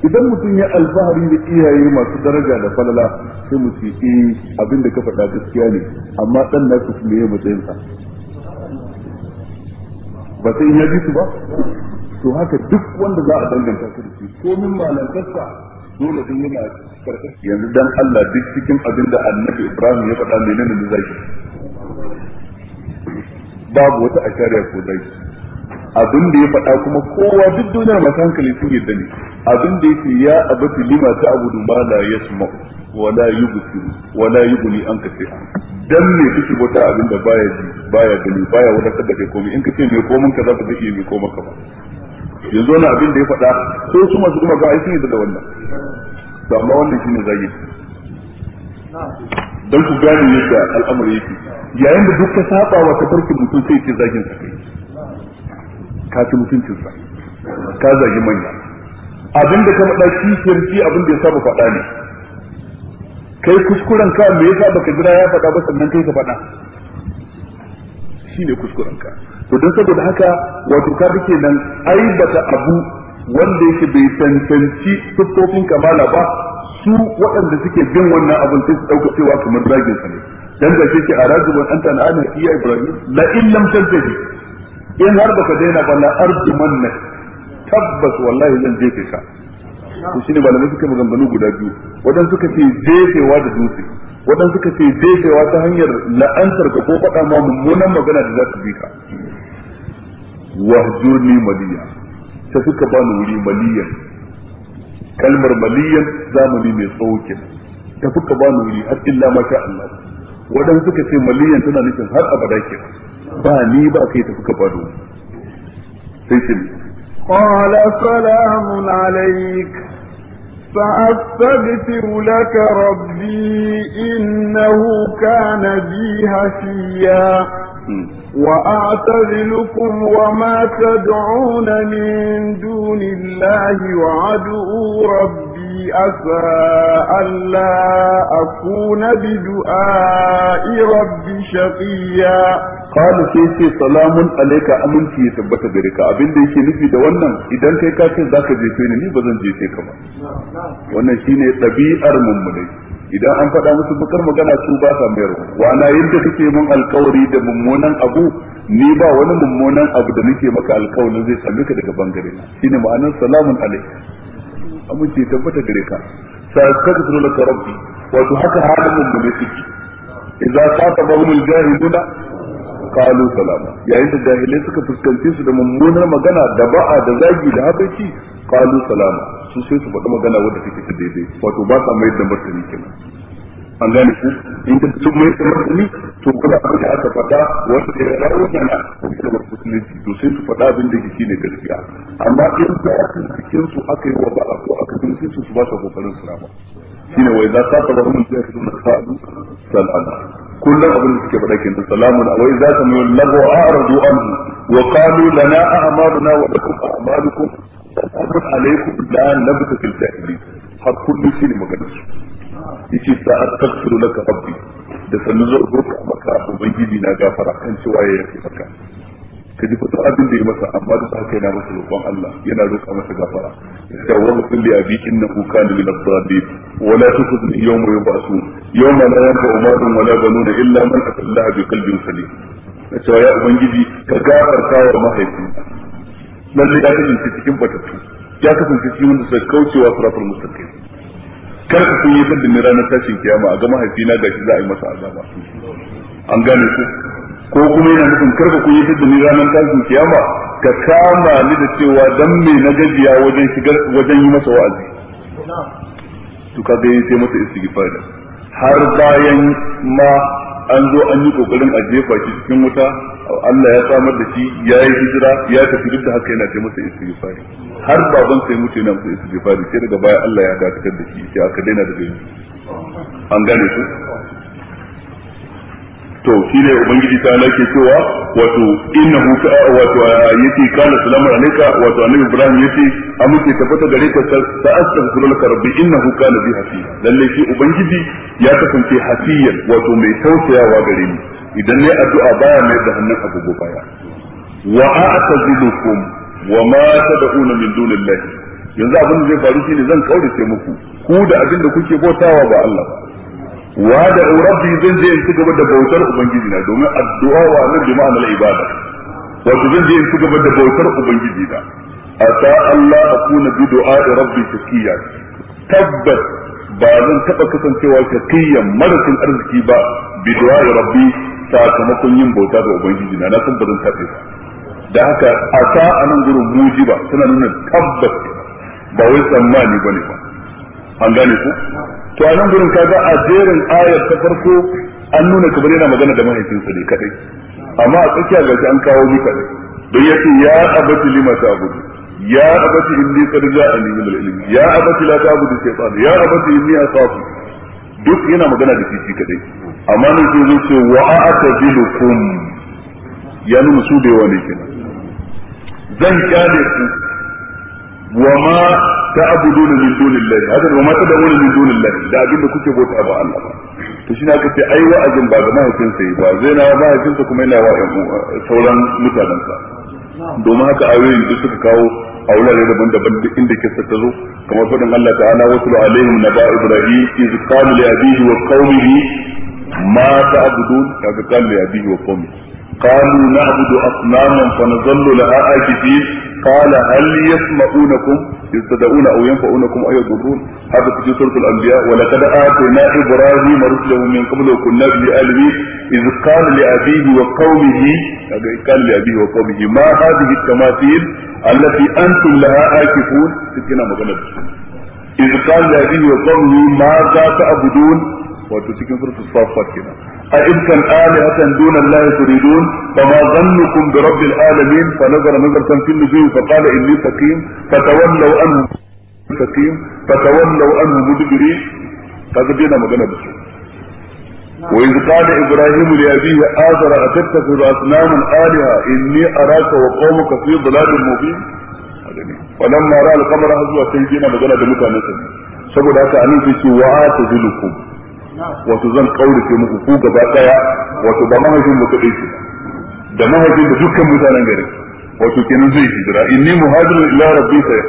idan mutum ya alfahari da iyaye masu daraja da falala sai mu ce eh abin da ka faɗa gaskiya ne amma dan na su ne matsayin sa ba sai in yaji su ba to haka duk wanda za a danganta su da shi komin malantarsa dole sai yana karkashin yanzu dan Allah duk cikin abin da Annabi Ibrahim ya faɗa menene da zaki babu wata ashariya ko zaki abin da ya faɗa kuma kowa duk duniya masu hankali sun yi dani abin da yake ya abati lima ta abudu ma la yasma wa la yubsiru wa la guni an kace dan ne kike bota abin da baya ji baya gani baya wadatar da kai komai in ce mai komun ka za ka ga mai koma ka ba yanzu wani abin da ya faɗa ko su masu kuma ga aiki da wannan to amma wannan shine zagi dan ku gane yadda al'amari yake yayin da duk ka saba wa tafarkin mutum sai ke zagin sa kai ka ci mutuncinsa ka zagi manya abin da ka faɗa kishiyar kirki abin da ya saba faɗa ne kai kuskuren ka me yasa baka jira ya faɗa ba sannan kai ka faɗa shine kuskuren ka to don saboda haka wato ka dake nan ai aibata abu wanda yake bai tantanci siffofin kamala ba su waɗanda suke bin wannan abin sai su ɗauka cewa kamar zagin sa ne dan da shi ke a rajulun anta na ana iya ibrahim la illam lam in har baka daina ba la arjuman na tabbas wallahi zan jefe ka to shine malamai suka maganganu guda biyu wadan suka ce jefewa da dutse wadan suka ce jefewa ta hanyar la'antar ka ko faɗa ma mummunan magana da za su bi ka wahjurni maliya ta suka ba ni wuri maliyan kalmar maliyan zamani mai tsawo ta suka ba ni wuri har illa ma sha Allah wadan suka ce maliyan tana nufin har abada kenan ba ni ba kai tafi ka faɗo sai shi qala salamun alayk فأستغفر لك ربي إنه كان بي هفيا وأعتزلكم وما تدعون من دون الله وعدو ربي أسى ألا أكون بدعاء ربي شقيا qalu sai ce salamun alayka aminci ya tabbata gare ka abin da yake nufi da wannan idan kai ka ce zaka jefe ni ni ba zan jefe ka ba wannan shine dabi'ar mummunai idan an faɗa musu bukar magana su ba sa mayar wa na yadda kake mun alkawari da mummunan abu ni ba wani mummunan abu da nake maka alkawarin zai same ka daga bangare na shine ma'anar salamun alayka aminci ya tabbata gare ka sa'astaghfiru laka rabbi wato haka halin mummunai suke idza qata bahumul jahiluna kalu salama yayin da jahilai suka fuskanci su da mummunar magana da ba'a da zagi da habaici kalu salama su sai su faɗi magana wadda take ta daidai wato ba sa mai da martani kenan an gane ku in ka duk mai da martani to kada abin da aka faɗa da ya rawo kana da musulunci to sai su faɗa abin da yake ne gaskiya amma in ba su cikin su aka yi wa ba'a ko aka tunce su su ba su kokarin salama shine wai za ka saba mun sai kullum abin da suke faɗa kenan salamun wai za ka mun a'radu anhu wa qalu lana a'maluna wa lakum a'malukum assalamu alaikum nabta fil har kullu shine magana yace sa astaghfiru laka rabbi da sannu zo maka ubangiji na gafara kan cewa ya maka ka ji fata abin da ya masa amma da haka yana masa roƙon Allah yana roƙa masa gafara da wa mutum li abi innahu kana min as-sadiq wa la tukhzini yawma yub'asun yawma la yanfa'u malun wa la da illa man ata Allah kalbin qalbin Na cewa ya ubangiji ka gafarta wa mahaifi lalle ya kasance cikin batattu ya kasance cikin wanda suka kaucewa siratul mustaqim kar ka sun yi da ranar tashin kiyama a ga mahaifina gashi za a yi masa azaba an gane ku ko kuma yana nufin karka kun yi da ni ranar tashin kiyama ka kama ni da cewa dan me na gajiya wajen shigar wajen yi masa wa'azi to ka ga sai masa istighfar har bayan ma an zo an yi kokarin a jefa shi cikin wuta Allah ya samar da shi ya yi hijira ya tafi duk da haka yana sai masa istighfar har baban sai mutu yana masa istighfar sai daga baya Allah ya dakatar da shi sai aka daina da gani an gane su to shi ne ubangiji ta ke cewa wato innahu ka wato yake kana salamu alayka wato annabi ibrahim yake amince tabbata gare ka ta astaghfiru laka rabbi innahu kana bi hafiya lalle shi ubangiji ya kasance hafiyan wato mai tausayawa gare ni idan ne addu'a baya mai da hannun agogo baya wa a'tazilukum wa ma tad'una min dunillahi yanzu abin da zai faru shine zan kaurace muku ku da abin da kuke bautawa ba Allah ba wa da rabbi zan je in ci gaba da bautar ubangiji na domin addu'a wa na jama'a na ibada wato zan je in ci gaba da bautar ubangiji na ata Allah akuna bi du'a da rabbi takiyya tabbas ba zan taba kasancewa takiyya marakin arziki ba bi du'a da rabbi sakamakon yin bauta ga ubangiji na na san ba zan tafi ba da haka ata anan gurin mujiba suna nuna tabbas ba wai tsammani bane ba an gane ku to a nan gurin kaga a jerin ayar ta farko an nuna kamar yana magana da sa ne kadai amma a tsakiya ga an kawo ni kadai don yace ya abati lima ta'budu ya abati inni za a min al ilimi ya abati la ta'budu shaytan ya abati inni akhafu duk yana magana da shi kadai amma ne ke zo ce wa a'tazilukum ya nuna su da yawa ne kenan zan kyale ku wa ma تعبدون من دون الله هذا وما تدعون من دون الله da abin da kuke bauta ba Allah ba to shi na kace ai wa'azin ba ga mahaifin sa ba zai na mahaifin sa kuma yana wa sauran mutanen sa domin haka ayoyin duk suka kawo a wurare daban-daban duk inda kissa ta zo kamar fadin Allah ta'ala wa sallu alaihim naba ibrahim iz qala li abihi wa qaumihi ma ta'budun wa قالوا نعبد أصناما فنظل لها آكفين قال هل يسمعونكم يستدعون او ينفعونكم اي يضرون هذا في سوره الانبياء ولقد اتينا ابراهيم رسله من قبل وكنا به عالمين اذ قال لابيه وقومه قال لابيه وقومه ما هذه التماثيل التي انتم لها عاكفون سكنا مغنب اذ قال لابيه وقومه ماذا تعبدون wato cikin surtu safat kenan أئفكا آلهة دون الله تريدون فما ظنكم برب العالمين فنظر نظرة في النجوم فقال إني سقيم فتولوا عنه سقيم فتولوا عنه مدبرين فقدنا مجنب وإذ قال إبراهيم لأبيه آزر أتتخذ أصناما آلهة إني أراك وقومك في ضلال مبين فلما رأى القمر هزوا سيدنا مجنب متى نسل saboda haka anan sai ce wa ta zulukum wato zan kaurace muku ku gaba daya wato ba mahaifin mu kadai shi da mahaifin da dukkan mutanen gari wato kenan zai hijira inni muhajirun ila rabbi sai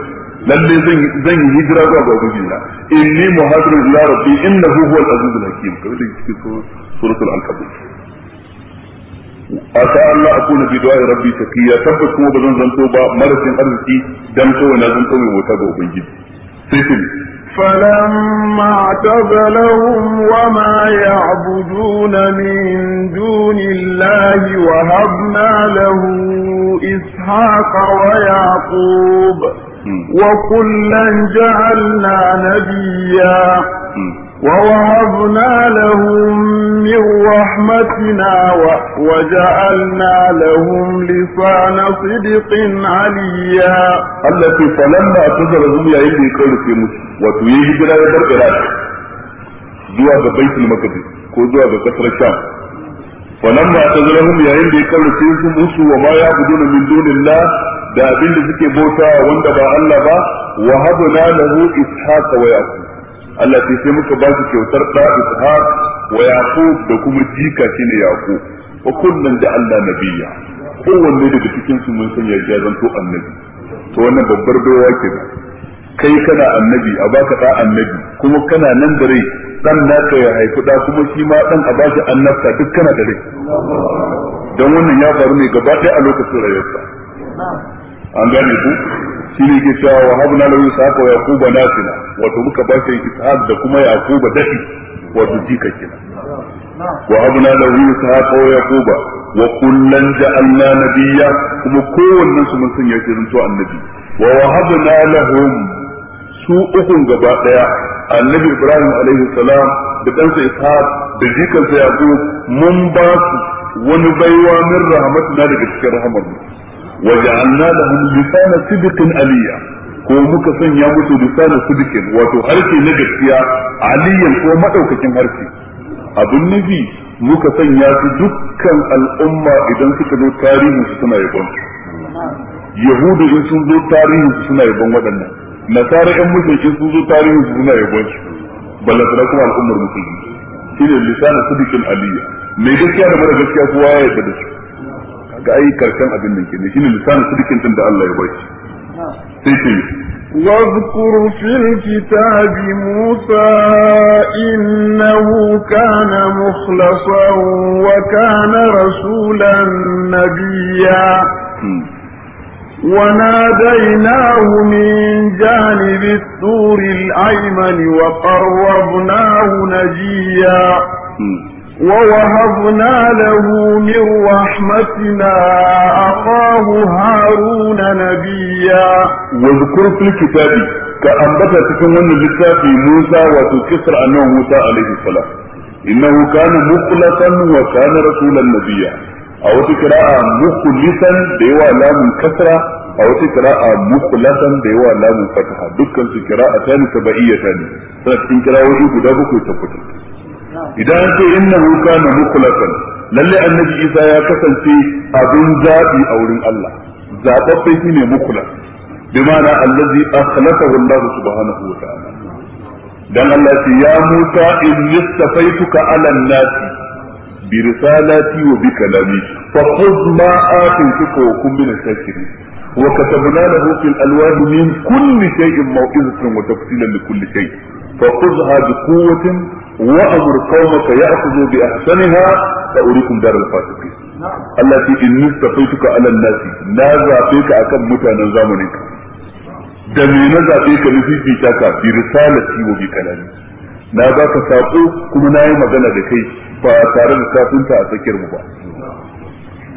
lalle zan zan yi hijira zuwa ga ubangijina inni muhajirun ila rabbi innahu huwal azizul hakim kamar da cikin suratul al-kabir asa Allah kuna fi du'a rabbi taqiya tabbas kuma bazan zanto ba marasin arziki dan kawai na zanto mai wuta ga ubangiji sai فلما اعتزلهم وما يعبدون من دون الله وهبنا له إسحاق ويعقوب وكلا جعلنا نبيا ووهبنا لهم من رحمتنا وجعلنا لهم لسان صدق عليا التي فلما تزل الدنيا يدي كل في مت وتويه بلا يدر إراك زوا بيت المقدس كو زوا بكسر الشام فلما تزلهم يا يدي كل في مت وما يعبدون من دون الله da abin da suke bauta wanda ba Allah ba wa habna lahu ishaqa wa yaqub Allah ce sai muka ba su kyautar da Ishaq wa Yaqub da kuma jika ne Yaqub wa kullun da Allah nabiyya kowanne daga cikin su mun san ya to annabi to wannan babbar baiwa kenan kai kana annabi a baka da annabi kuma kana nan da rai dan naka ya haifi da kuma shi ma dan a baki annabta duk kana da rai dan wannan ya faru ne gaba ɗaya a lokacin rayuwarsa an gane ku shi ne ke cewa wa habna lahu ishaqa wa yaquba nafila wato muka ba shi ishaq da kuma yaquba dafi wato jika kina wa habna lahu ishaqa wa yaquba wa kullan ja'alna nabiyya kuma kowannen su mun sanya shi zanto annabi wa wahabna lahum su ukun gaba daya annabi ibrahim alaihi salam da ɗansa ishaq da jikansa yaqub mun ba su wani baiwa min rahmatina daga cikin rahmar mu وجعلنا لهم لسان صدق عليا ko muka sanya musu lisanin sidikin wato harshe na gaskiya aliyan ko madaukakin harshe abin nufi muka sanya su dukkan al'umma idan suka zo tarihin su suna yabon yahudu in sun zo tarihin su suna yabon waɗannan nasara yan mushriki sun zo tarihin su suna yabon su ballatara kuma al'ummar musulmi shine lisanin sidikin aliya mai gaskiya da mara gaskiya kowa ya yarda da su ga ai karshen abin nan kenan shine lisanin sadikin din da Allah ya bashi sai sai واذكر في الكتاب موسى إنه كان مخلصا وكان رسولا نبيا وناديناه من جانب الطور الأيمن وقربناه نجيا ووهبنا له من رحمتنا أخاه هارون نبيا واذكر في الكتاب كأنبت تكون في موسى وتكسر أنه موسى عليه السلام إنه كان مخلصا وكان رسولا نبيا أو تقراء مخلصا ديوى لام كسرة أو تقراء مخلصا ديوى لام فتحة دكا تقراء ثاني سبعية ثاني فإن كراء وجود دابك وتفتح idan an ce innahu na mukulatan lalle annabi Isa ya kasance abin zaɓi a wurin Allah ne mukula bi bimana allazi akhlaqahu Allah subhanahu wa ta'ala dan Allah ce ya muta in yastafaituka ala nasi bi risalati wa bi kalami fa khudh ma atin tuku kun وكتبنا له في الألوان من كل شيء موعظة وتفصيلا لكل شيء فخذها بقوة وأمر قومك يأخذوا بأحسنها فأريكم دار الفاسقين التي إن استفيتك على الناس لا زعفيك أكم متانا زامنك دمينا زعفيك لفيفي تاكا برسالتي وبكلامي na za ka saƙo kuma na yi magana da kai ba tare da kafinta a tsakiyar mu ba.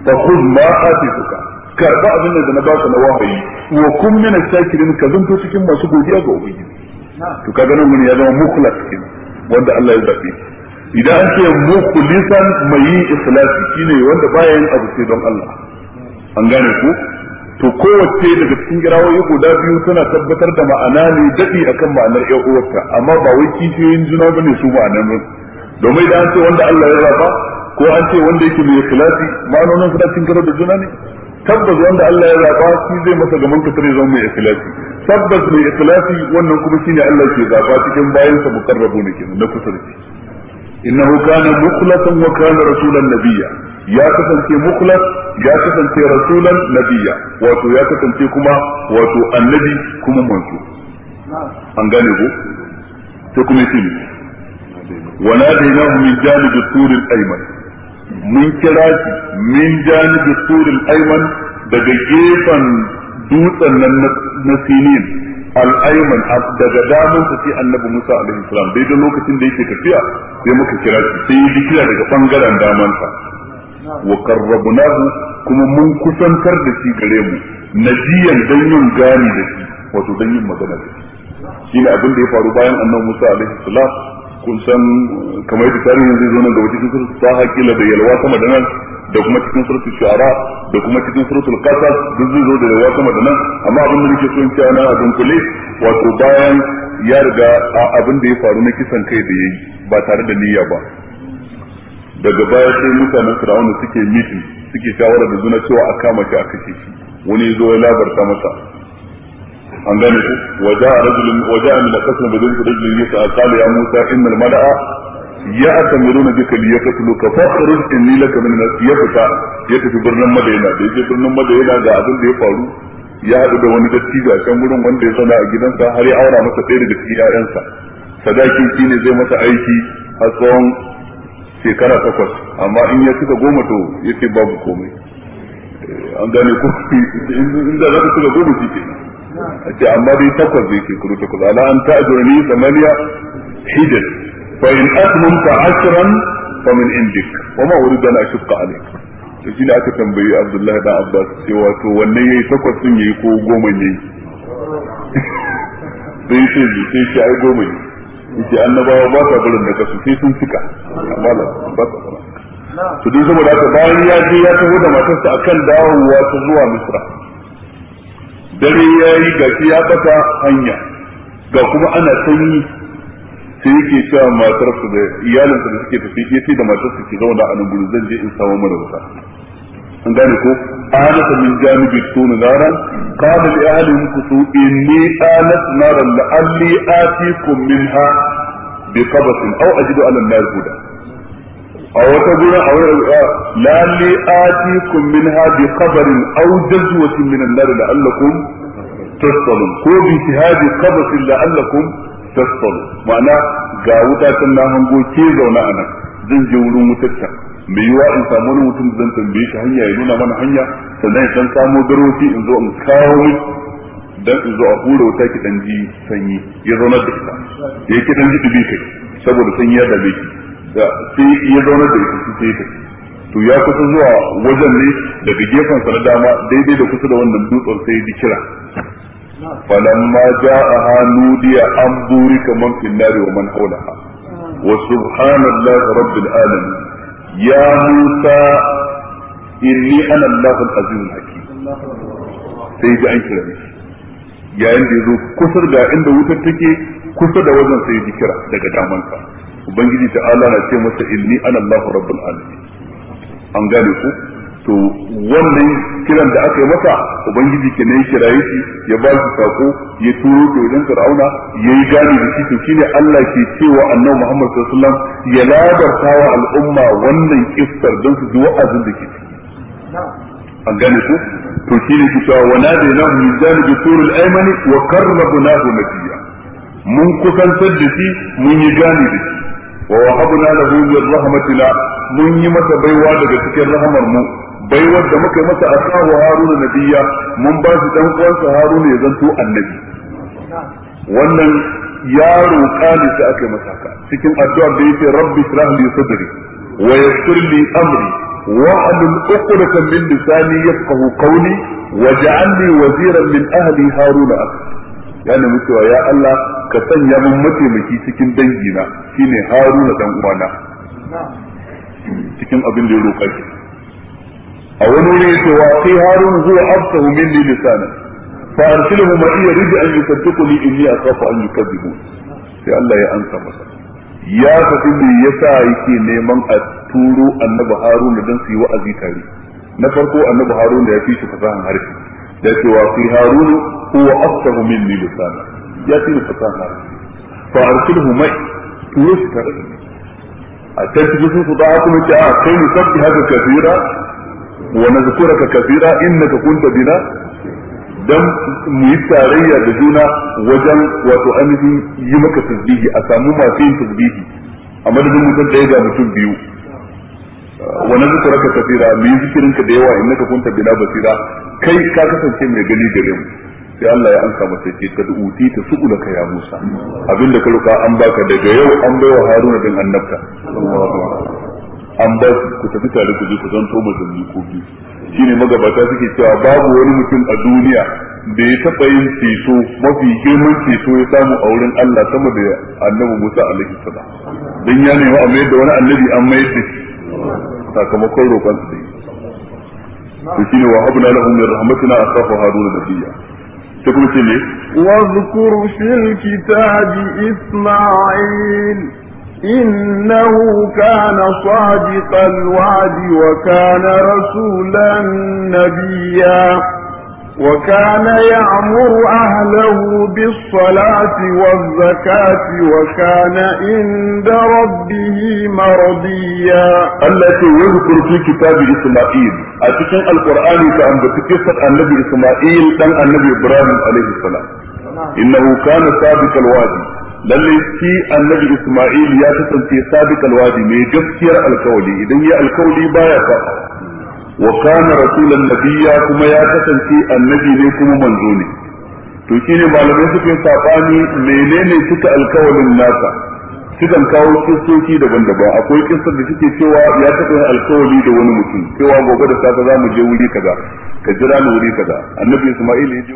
Fa kuz ma ati suka Karɓa abin da na baka na wahayi wa kun mina shakirin ka zanto cikin masu godiya ga ubangiji to kaga nan mun ya zama mukhlas kin wanda Allah ya zabe idan an ce mukhlisan mai yi ikhlasi shine wanda baya yin abu sai don Allah an gane ku to kowace daga cikin girawoyi guda biyu tana tabbatar da ma'ana ne dadi akan ma'anar ƴan uwarta amma ba wai kishiyoyin juna bane su ma'anar domin idan an ce wanda Allah ya zaba ko an ce wanda yake mai ikhlasi ma'anonin su da cikin da juna ne tabbas wanda Allah ya zaba shi zai masa gaman ka tare zama mai ikhlasi tabbas mai ikhlasi wannan kuma shine Allah ke zaba cikin bayan bayansa mukarrabu ne kenan na kusa da shi innahu kana mukhlasan wa kana rasulan nabiyya ya kasance mukhlas ya kasance rasulan nabiyya wato ya kasance kuma wato annabi kuma manzo an gane ko to kuma shi ne wa nadainahu min janib at-tur al mun kira shi min da suril ayman daga gefen dutsen nan na sinin al daga damun sa sai annabi Musa alaihi salam dai da lokacin da yake tafiya sai muka kira shi sai yi kira daga bangaren daman sa wa qarrabnahu kuma mun kusantar da shi gare mu najiyan dan yin gani da shi wato dan yin magana da shi shine abin da ya faru bayan annabi Musa alaihi salam kusan kamar yadda tarihin zai zo nan ga cikin sun saha kila da yalwa sama da nan da kuma cikin surutu shu'ara da kuma cikin surutu kasa duk zai zo da yalwa sama da nan amma abin da nake so in cewa na abin kule wato bayan ya riga abin da ya faru na kisan kai da yayi ba tare da niyya ba daga baya sai mutanen fir'auna suke mitin suke shawara da zuna cewa a kama shi a kashe shi wani zo ya labarta masa an gane ku a rajulun waja min al-qasr bi dhikri rajulin yasa qala ya musa innal mala'a ya'tamiruna bika liyaqtuluka fakhruj inni laka min na ya ya tafi birnin madaina da yake birnin madaina ga abin da ya faru ya haɗu da wani dattijo a can gurin wanda ya sana a gidansa har ya aura masa ɗaya daga cikin 'ya'yansa sadaki ne zai masa aiki a tsawon shekara takwas amma in ya cika goma to yake babu komai eh, an gane ko in da za ka cika goma shi kenan ce amma dai takwas da zai shekaru takwas ala an ta'jurni samaniya hijr fa in atmamta ashran fa min indik wa ma uridu an ashqa alayk to shi da aka tambayi Abdullahi da Abbas cewa to wanne yayi takwas din yayi ko goma ne sai sai sai shi ai goma ne yace annabawa ba ta barin da kasu sai sun cika amma ba ta fara to duk saboda haka bayan ya je ya taho da matarsa akan dawowa ta zuwa Misra dare yayi gashi ya bata hanya ga kuma ana sanyi sai yake cewa da iyalin da suke tafi yace da matarsa ke zauna a nan zan je in samu mara wuta an gane ko anasa min janibi tunu naran qala li ahlihim kutu inni anas naran la'alli atikum minha bi qabatin aw ajidu ala an-nar a wata gurin a wurin lalli atikum min hadi qabarin aw jazwatin min an-nar la'allakum tasqalun ko bi shihadi qabatin la'allakum tasqalun ma'ana ga wuta kan na hango ke zauna a nan zan je wurin wutar ta mai yiwa in samu wani mutum zan tambaye shi hanya ya nuna mana hanya sannan in san samo garoci in zo in kawo dan in zo a hura wuta ki dan ji sanyi ya zo da ita ya dan ji dubi kai saboda sanyi ya dame ki sai ya zauna da ita sai to ya kusa zuwa wajen ne daga gefen sa na dama daidai da kusa da wannan dutsen sai ya kira falamma ja'aha nudiya an buri kamar fil wa man hawlaha wa subhanallahi rabbil alamin ya musa inni ana allah al-azim al-hakim sai ji an kira mishi yayin da yazo kusur da inda wutar take kusa da wajen sai ji kira daga damansa ubangiji ta ala na ce masa inni ana Allahu rabbul alamin an gane ku to wannan kiran da aka yi masa ubangiji ke nan kiraye shi ya ba shi sako ya turo da wajen fir'auna ya yi gane da shi to shine Allah ke cewa annabi Muhammad sallallahu alaihi wasallam ya labarta wa al'umma wannan kissar don su ji wa'azin da ke an gane ku to shine ke cewa wa nadainahu min janibi turul aymani wa qarrabnahu nabiyya mun kusantar da shi mun yi gane da shi wa wahabna na min rahmatina mun yi masa baiwa daga cikin rahamar mu baiwar da muka yi masa akahu haruna nabiyya mun ba shi dan uwansa haruna ya zanto annabi wannan yaro roƙa ne sai aka yi masa cikin addu'ar da yake rabbi shrah li sadri wa yassir li amri wa ahlul 'uqdatan min lisani yafqahu qawli waj'alni waziran min ahli haruna akhi ya nemi cewa ya Allah ka sanya min mataimaki cikin dangina shine Haruna dan uwana cikin abin da ya roƙa shi a wani wuri yace wa sai Haruna zuwa afsahu minni lisana fa arsilhu ma iya riji an yusaddiquni inni akhafu an yukadibu sai Allah ya ansa masa ya tafi ya sa yake neman a turo annabi Haruna dan su yi wa'azi tare na farko annabi Haruna ya fi shi fasahan harshe da cewa fi Haruna huwa afsahu minni lisana ya fi ni fasaha fa arsilhu mai yusi tare a can sun su da haka mace a kai mu kafira kafira bina dan mu yi tarayya da juna wajen wato ainihin yi maka tasbihi a samu masu yin tasbihi a madadin mutum ɗaya ga mutum biyu wa raka kafira mu yi ka da yawa innaka kunta bina basira kai ka kasance mai gani gare mu sai Allah ya ansa masa ce ka du'uti ta ka ya Musa abinda ka roka an baka daga yau an baiwa Haruna din annabta an ba su ku tafi tare ku je ku to mazanni ko biyu shine magabata suke cewa babu wani mutum a duniya da ya taɓa yin ceto mafi girman ceto ya samu a wurin Allah sama da annabi Musa alaihi salam dan ya nemi amma yadda wani annabi an mai da shi sakamakon roƙon su da yi to shine wa habna lahum min rahmatina asafa haruna nabiyya واذكر في الكتاب إسماعيل إنه كان صادق الوعد وكان رسولا نبيا وكان يعمر أهله بالصلاة والزكاة وكان عند ربه مرضيا التي يذكر في كتاب إسماعيل أتكن القرآن كأن بتكسر النبي إسماعيل كان النبي إبراهيم عليه السلام إنه كان سابق الوادي lallai في النبي إسماعيل يا في سابق الوادي mai gaskiyar الكولي إذن ya الكولي baya wa kana rasulan nabiyya kuma ya kasance annabi ne kuma manzo ne to shine malamai suke sabani menene suka alkawalin nasa sukan kawo kistoci daban-daban akwai kistar da suke cewa ya taɓa alkawali da wani mutum cewa gobe da safe za mu je wuri kaza ka jira mu wuri kaza annabi isma'il ya je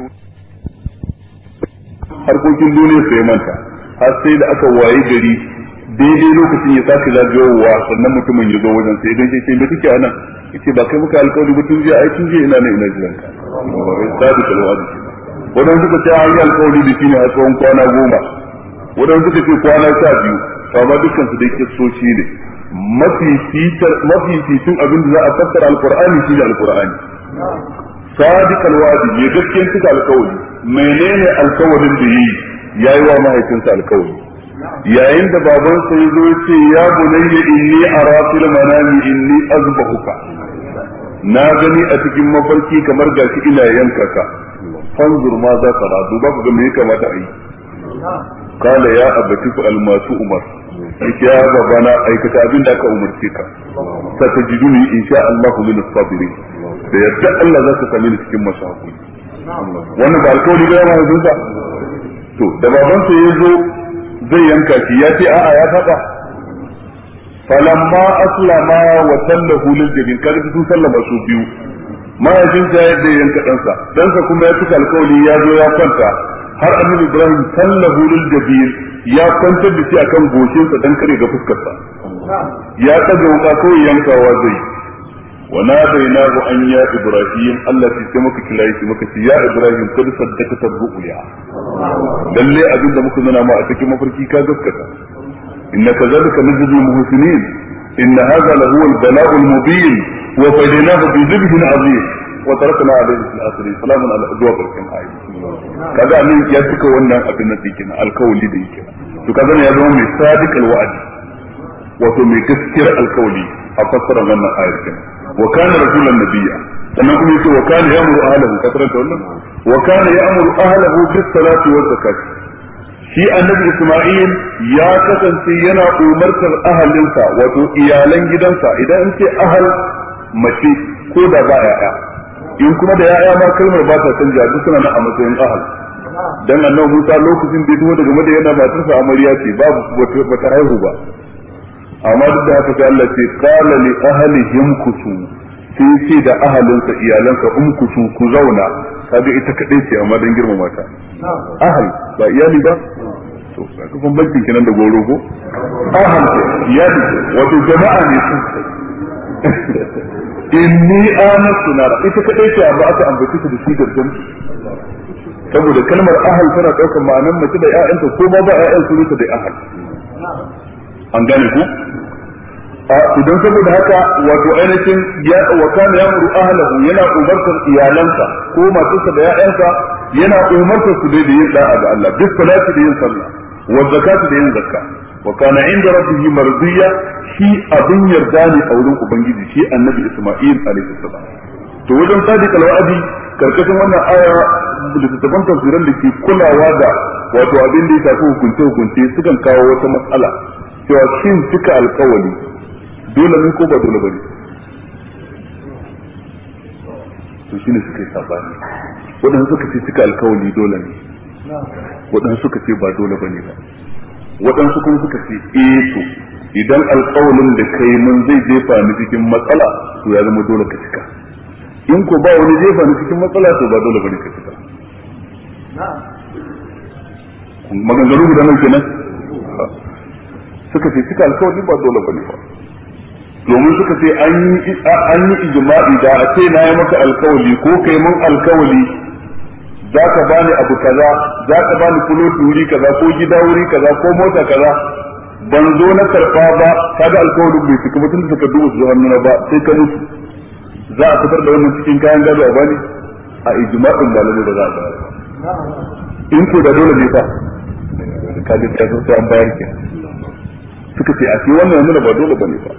harkokin duniya sai manta har sai da aka waye gari daidai lokacin ya sake zagayowa sannan mutumin ya zo wajen sai dan sai me kike anan yace ba kai muka alƙawari ba tun jiya ai tun jiya ina ne ina jiran ka ba sabu kalwa da wadan suka ce yi alƙawari da kina ne a tsawon kwana goma wannan suka ce kwana sha biyu amma dukkan su so shi ne mafi fitar mafi fitin abin da za a fassara alqur'ani shi ne alqur'ani sadiqal wa'di ya gaskiyar cika alƙawari menene alƙawarin da yi yayi wa mahaifinsa alƙawari yayin da babansa ya zo ce ya bunayya inni ara fil manami inni azbahuka na gani a cikin mafarki kamar ga shi ina yanka ka fanzur ma za ka radu ba ku ga me ya kamata a yi kala ya abati fi almasu umar yake ya babana aikata abin da aka umarce ka ta tajiduni insha Allah min as-sabirin da yadda Allah za ka sami ni cikin masu hakuri wannan ba alƙawari ba yana da to da babansa ya zo zai yanka shi ya ce a'a ya faɗa falamma aslama wa sallahu lil jabin kaga su sallama su biyu mahaifinsa ya zai yanka ɗansa ɗansa kuma ya cika alkawali ya zo ya kwanta har annabi ibrahim sallahu lil jabin ya kwantar da shi akan goshinsa dan kare ga fuskarsa ya ɗaga wuka kawai yankawa zai yi wa nadainahu an ya ibrahim Allah sai sai muka kira shi muka ce ya ibrahim kad saddaqta ru'ya lalle abin da muka nuna ma a cikin mafarki ka gaskata innaka zalika najzi muhsinin إن هذا لهو البلاء المبين وفديناه بذبح عظيم وتركنا عليه في الآخرين سلام على أدواب الكنائي kaga nan ya cika wannan abin da yake na alkawali da yake to kaga ya zama mai sadiq alwa'd wato mai gaskiyar alkawali a fassarar wannan وكان kana rasulan nabiyya sannan kuma يأمر أهله كثرة ya'muru ahlahu kasrata wannan wa kana ya'muru ahlahu bis salati waz zakati shi annabi Isma'il ya kasance yana umartar ahalinsa wato iyalan gidansa idan an ce ahal mace ko da ba in kuma da ya'ya ma kalmar suna a ahal dan annabi Musa lokacin da ya daga madayana matarsa amarya ce babu bata haihu ba amma duk da haka sai Allah ce qala li ahlihim kusu sai ce da ahalinsa iyalansa um kusu ku zauna kaga ita kadai ce amma dan girmama ta ahal ba iyali ba to kaga bambancin kenan da goro ko ahal iyali wato jama'a ne su inni anastu nara ita kadai ce amma aka ambace ta da shi gargan saboda kalmar ahal tana daukar ma'anar mace da ƴaƴanta ko ba ba ƴaƴan su da ahal an gane ku idan saboda haka wato ainihin ya wa ya yamru ahlahu yana umartar iyalansa ko matarsa da ya'yansa yana umartar su da yin da'a ga Allah duk salati da yin sallah wa zakatu da yin zakka wa kana inda rabbihi mardiya shi abin yarda ne a wurin ubangiji shi annabi Isma'il alaihi salam to wajen sadiq al-wa'di karkashin wannan aya littattafan tafsiran da ke kulawa da wato abin da ya tafi hukunce hukunce sukan kawo wata matsala cewa shin cika alkawali dole ne ko ba dole ne? to shine suka yi sabani waɗansu suka ce cika alkawali dole ne waɗansu suka ce ba dole ne ba waɗansu kuma suka ce eh to idan alkawalin da kai mun zai jefa ni cikin matsala to ya zama dole ka cika in ko ba wani jefa ni cikin matsala to ba dole ba ne ka cika maganganu guda nan kenan suka ce cika alkawali ba dole ne ba domin suka ce an yi ijma'i da a ce na yi maka alkawali ko kai mun alkawali za ka bani abu kaza za ka bani kulot wuri kaza ko gida wuri kaza ko mota kaza ban zo na karfa ba ga alkawalin bai cika mutum da duba su hannuna ba sai ka mutu za a fitar da wannan cikin kayan gado a bani a ijma'in malamai da za a bayar in ko da dole ne fa kaga ta zo an bayar ke suka ce a ce wannan yana ba dole bane ba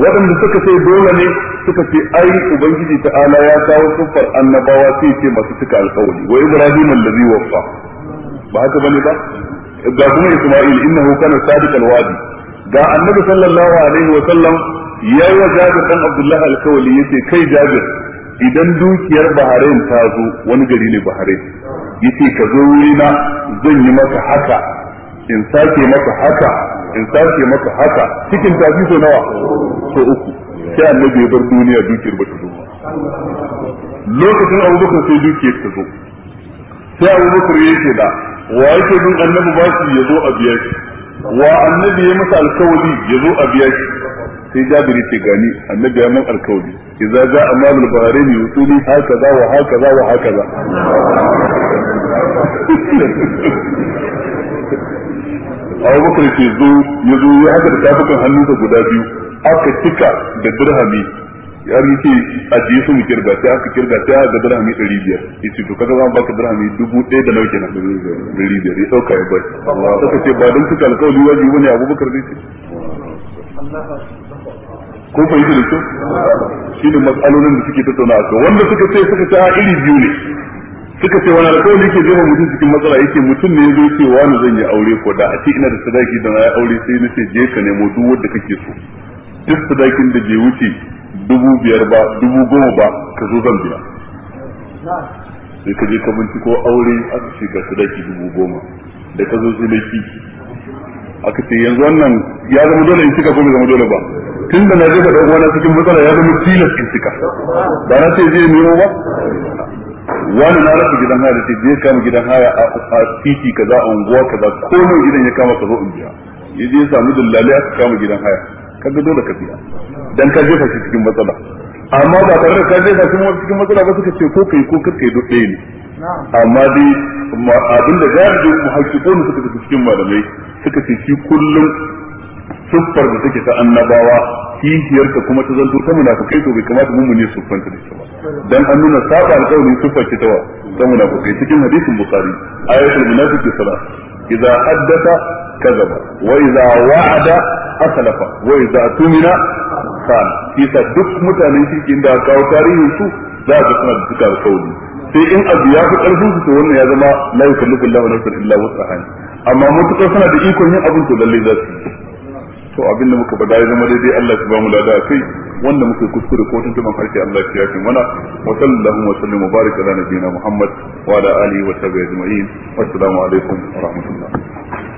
waɗanda suka ce dole ne suka ce ai ubangiji ta'ala ya kawo siffar annabawa sai ce masu cika alƙawari wa ibrahim allazi waffa ba haka bane ba ga kuma isma'il innahu kana sadiqal wadi ga annabi sallallahu alaihi wa sallam ya yi wa jabir dan abdullah alƙawari yace kai jabir idan dukiyar bahrain ta zo wani gari ne bahrain yace ka zo wurina zan yi maka haka in sake maka haka in sace maka haka cikin tafi so nawa so uku sai annabi ya bar duniya dukiyar ba ta zo lokacin abubakar sai dukiyar ta zo sai abubakar ya ce da wa yake bin annabi ba shi ya zo a biya shi wa annabi ya masa alkawari ya zo a biya shi sai jabiri ce gani annabi ya man alkawari idza jaa amalul bahrain haka za wa haka za wa haka za. Abu Bakar ke zo ya zo ya haka da tafukan hannunsa guda biyu aka cika da dirhami ya rike a ji su kirga sai aka kirga sai da dirhami 500 yace to kaga zan baka dirhami 1000 da nauke na da ya sauka ya bai suka ce ba don cika alƙawari wajibi wani Abu Bakar zai ce ko fa yi da shi ne matsalolin da suke tattauna a wanda suka ce suka ta iri biyu ne suka ce wani alƙawari yake zai mutum cikin matsala yake mutum ne zai ce wani zan yi aure ko da a ce ina da sadaki da na yi aure sai na ce je ka nemo duk wanda kake so duk sadakin da bai wuce dubu biyar ba dubu goma ba ka zo zan biya sai ka je ka ko aure aka ce ga sadaki dubu goma da ka zo sai laifi aka ce yanzu wannan ya zama dole in cika ko bai zama dole ba tun da na ka ɗan wani cikin matsala ya zama tilas in cika ba na ce zai nemo ba wani na rasa gidan haya da ce zai kama gidan haya a titi kaza a unguwa kaza ko nan gidan ya kama ka zo in biya yaje ya samu dillali aka kama gidan haya kaga dole ka biya dan ka jefa shi cikin matsala amma ba tare da ka jefa shi cikin matsala ba suka ce ko kai ko kar kai dole ne amma dai abin da galibin ne suka ce cikin malamai suka ce shi kullum siffar da take ta annabawa kishiyar ta kuma ta zanto ta munafikai to bai kamata mun mune siffar ta ba dan an nuna saba alƙawari siffar ki ta wa ta munafikai cikin hadisin bukhari ayatul munafiqi salat idza haddatha kazaba wa idza wa'ada akhlafa wa idza tumina kan isa duk mutanen shi kirki da kawo tarihin su za ka suna da suka alƙawari sai in abu ya fi ƙarfin su to wannan ya zama la yukallifu Allahu nafsan illa wus'aha amma mutukar suna da ikon yin abin to lalle za su yi to abin da muka faɗa ya zama daidai Allah ya ba mu lada kai wanda muka kuskure ko tuntuban harshe Allah ya yafe mana wa sallallahu wa sallam wa baraka ala nabiyina Muhammad wa ala alihi wa sahbihi ajma'in wassalamu alaikum wa rahmatullah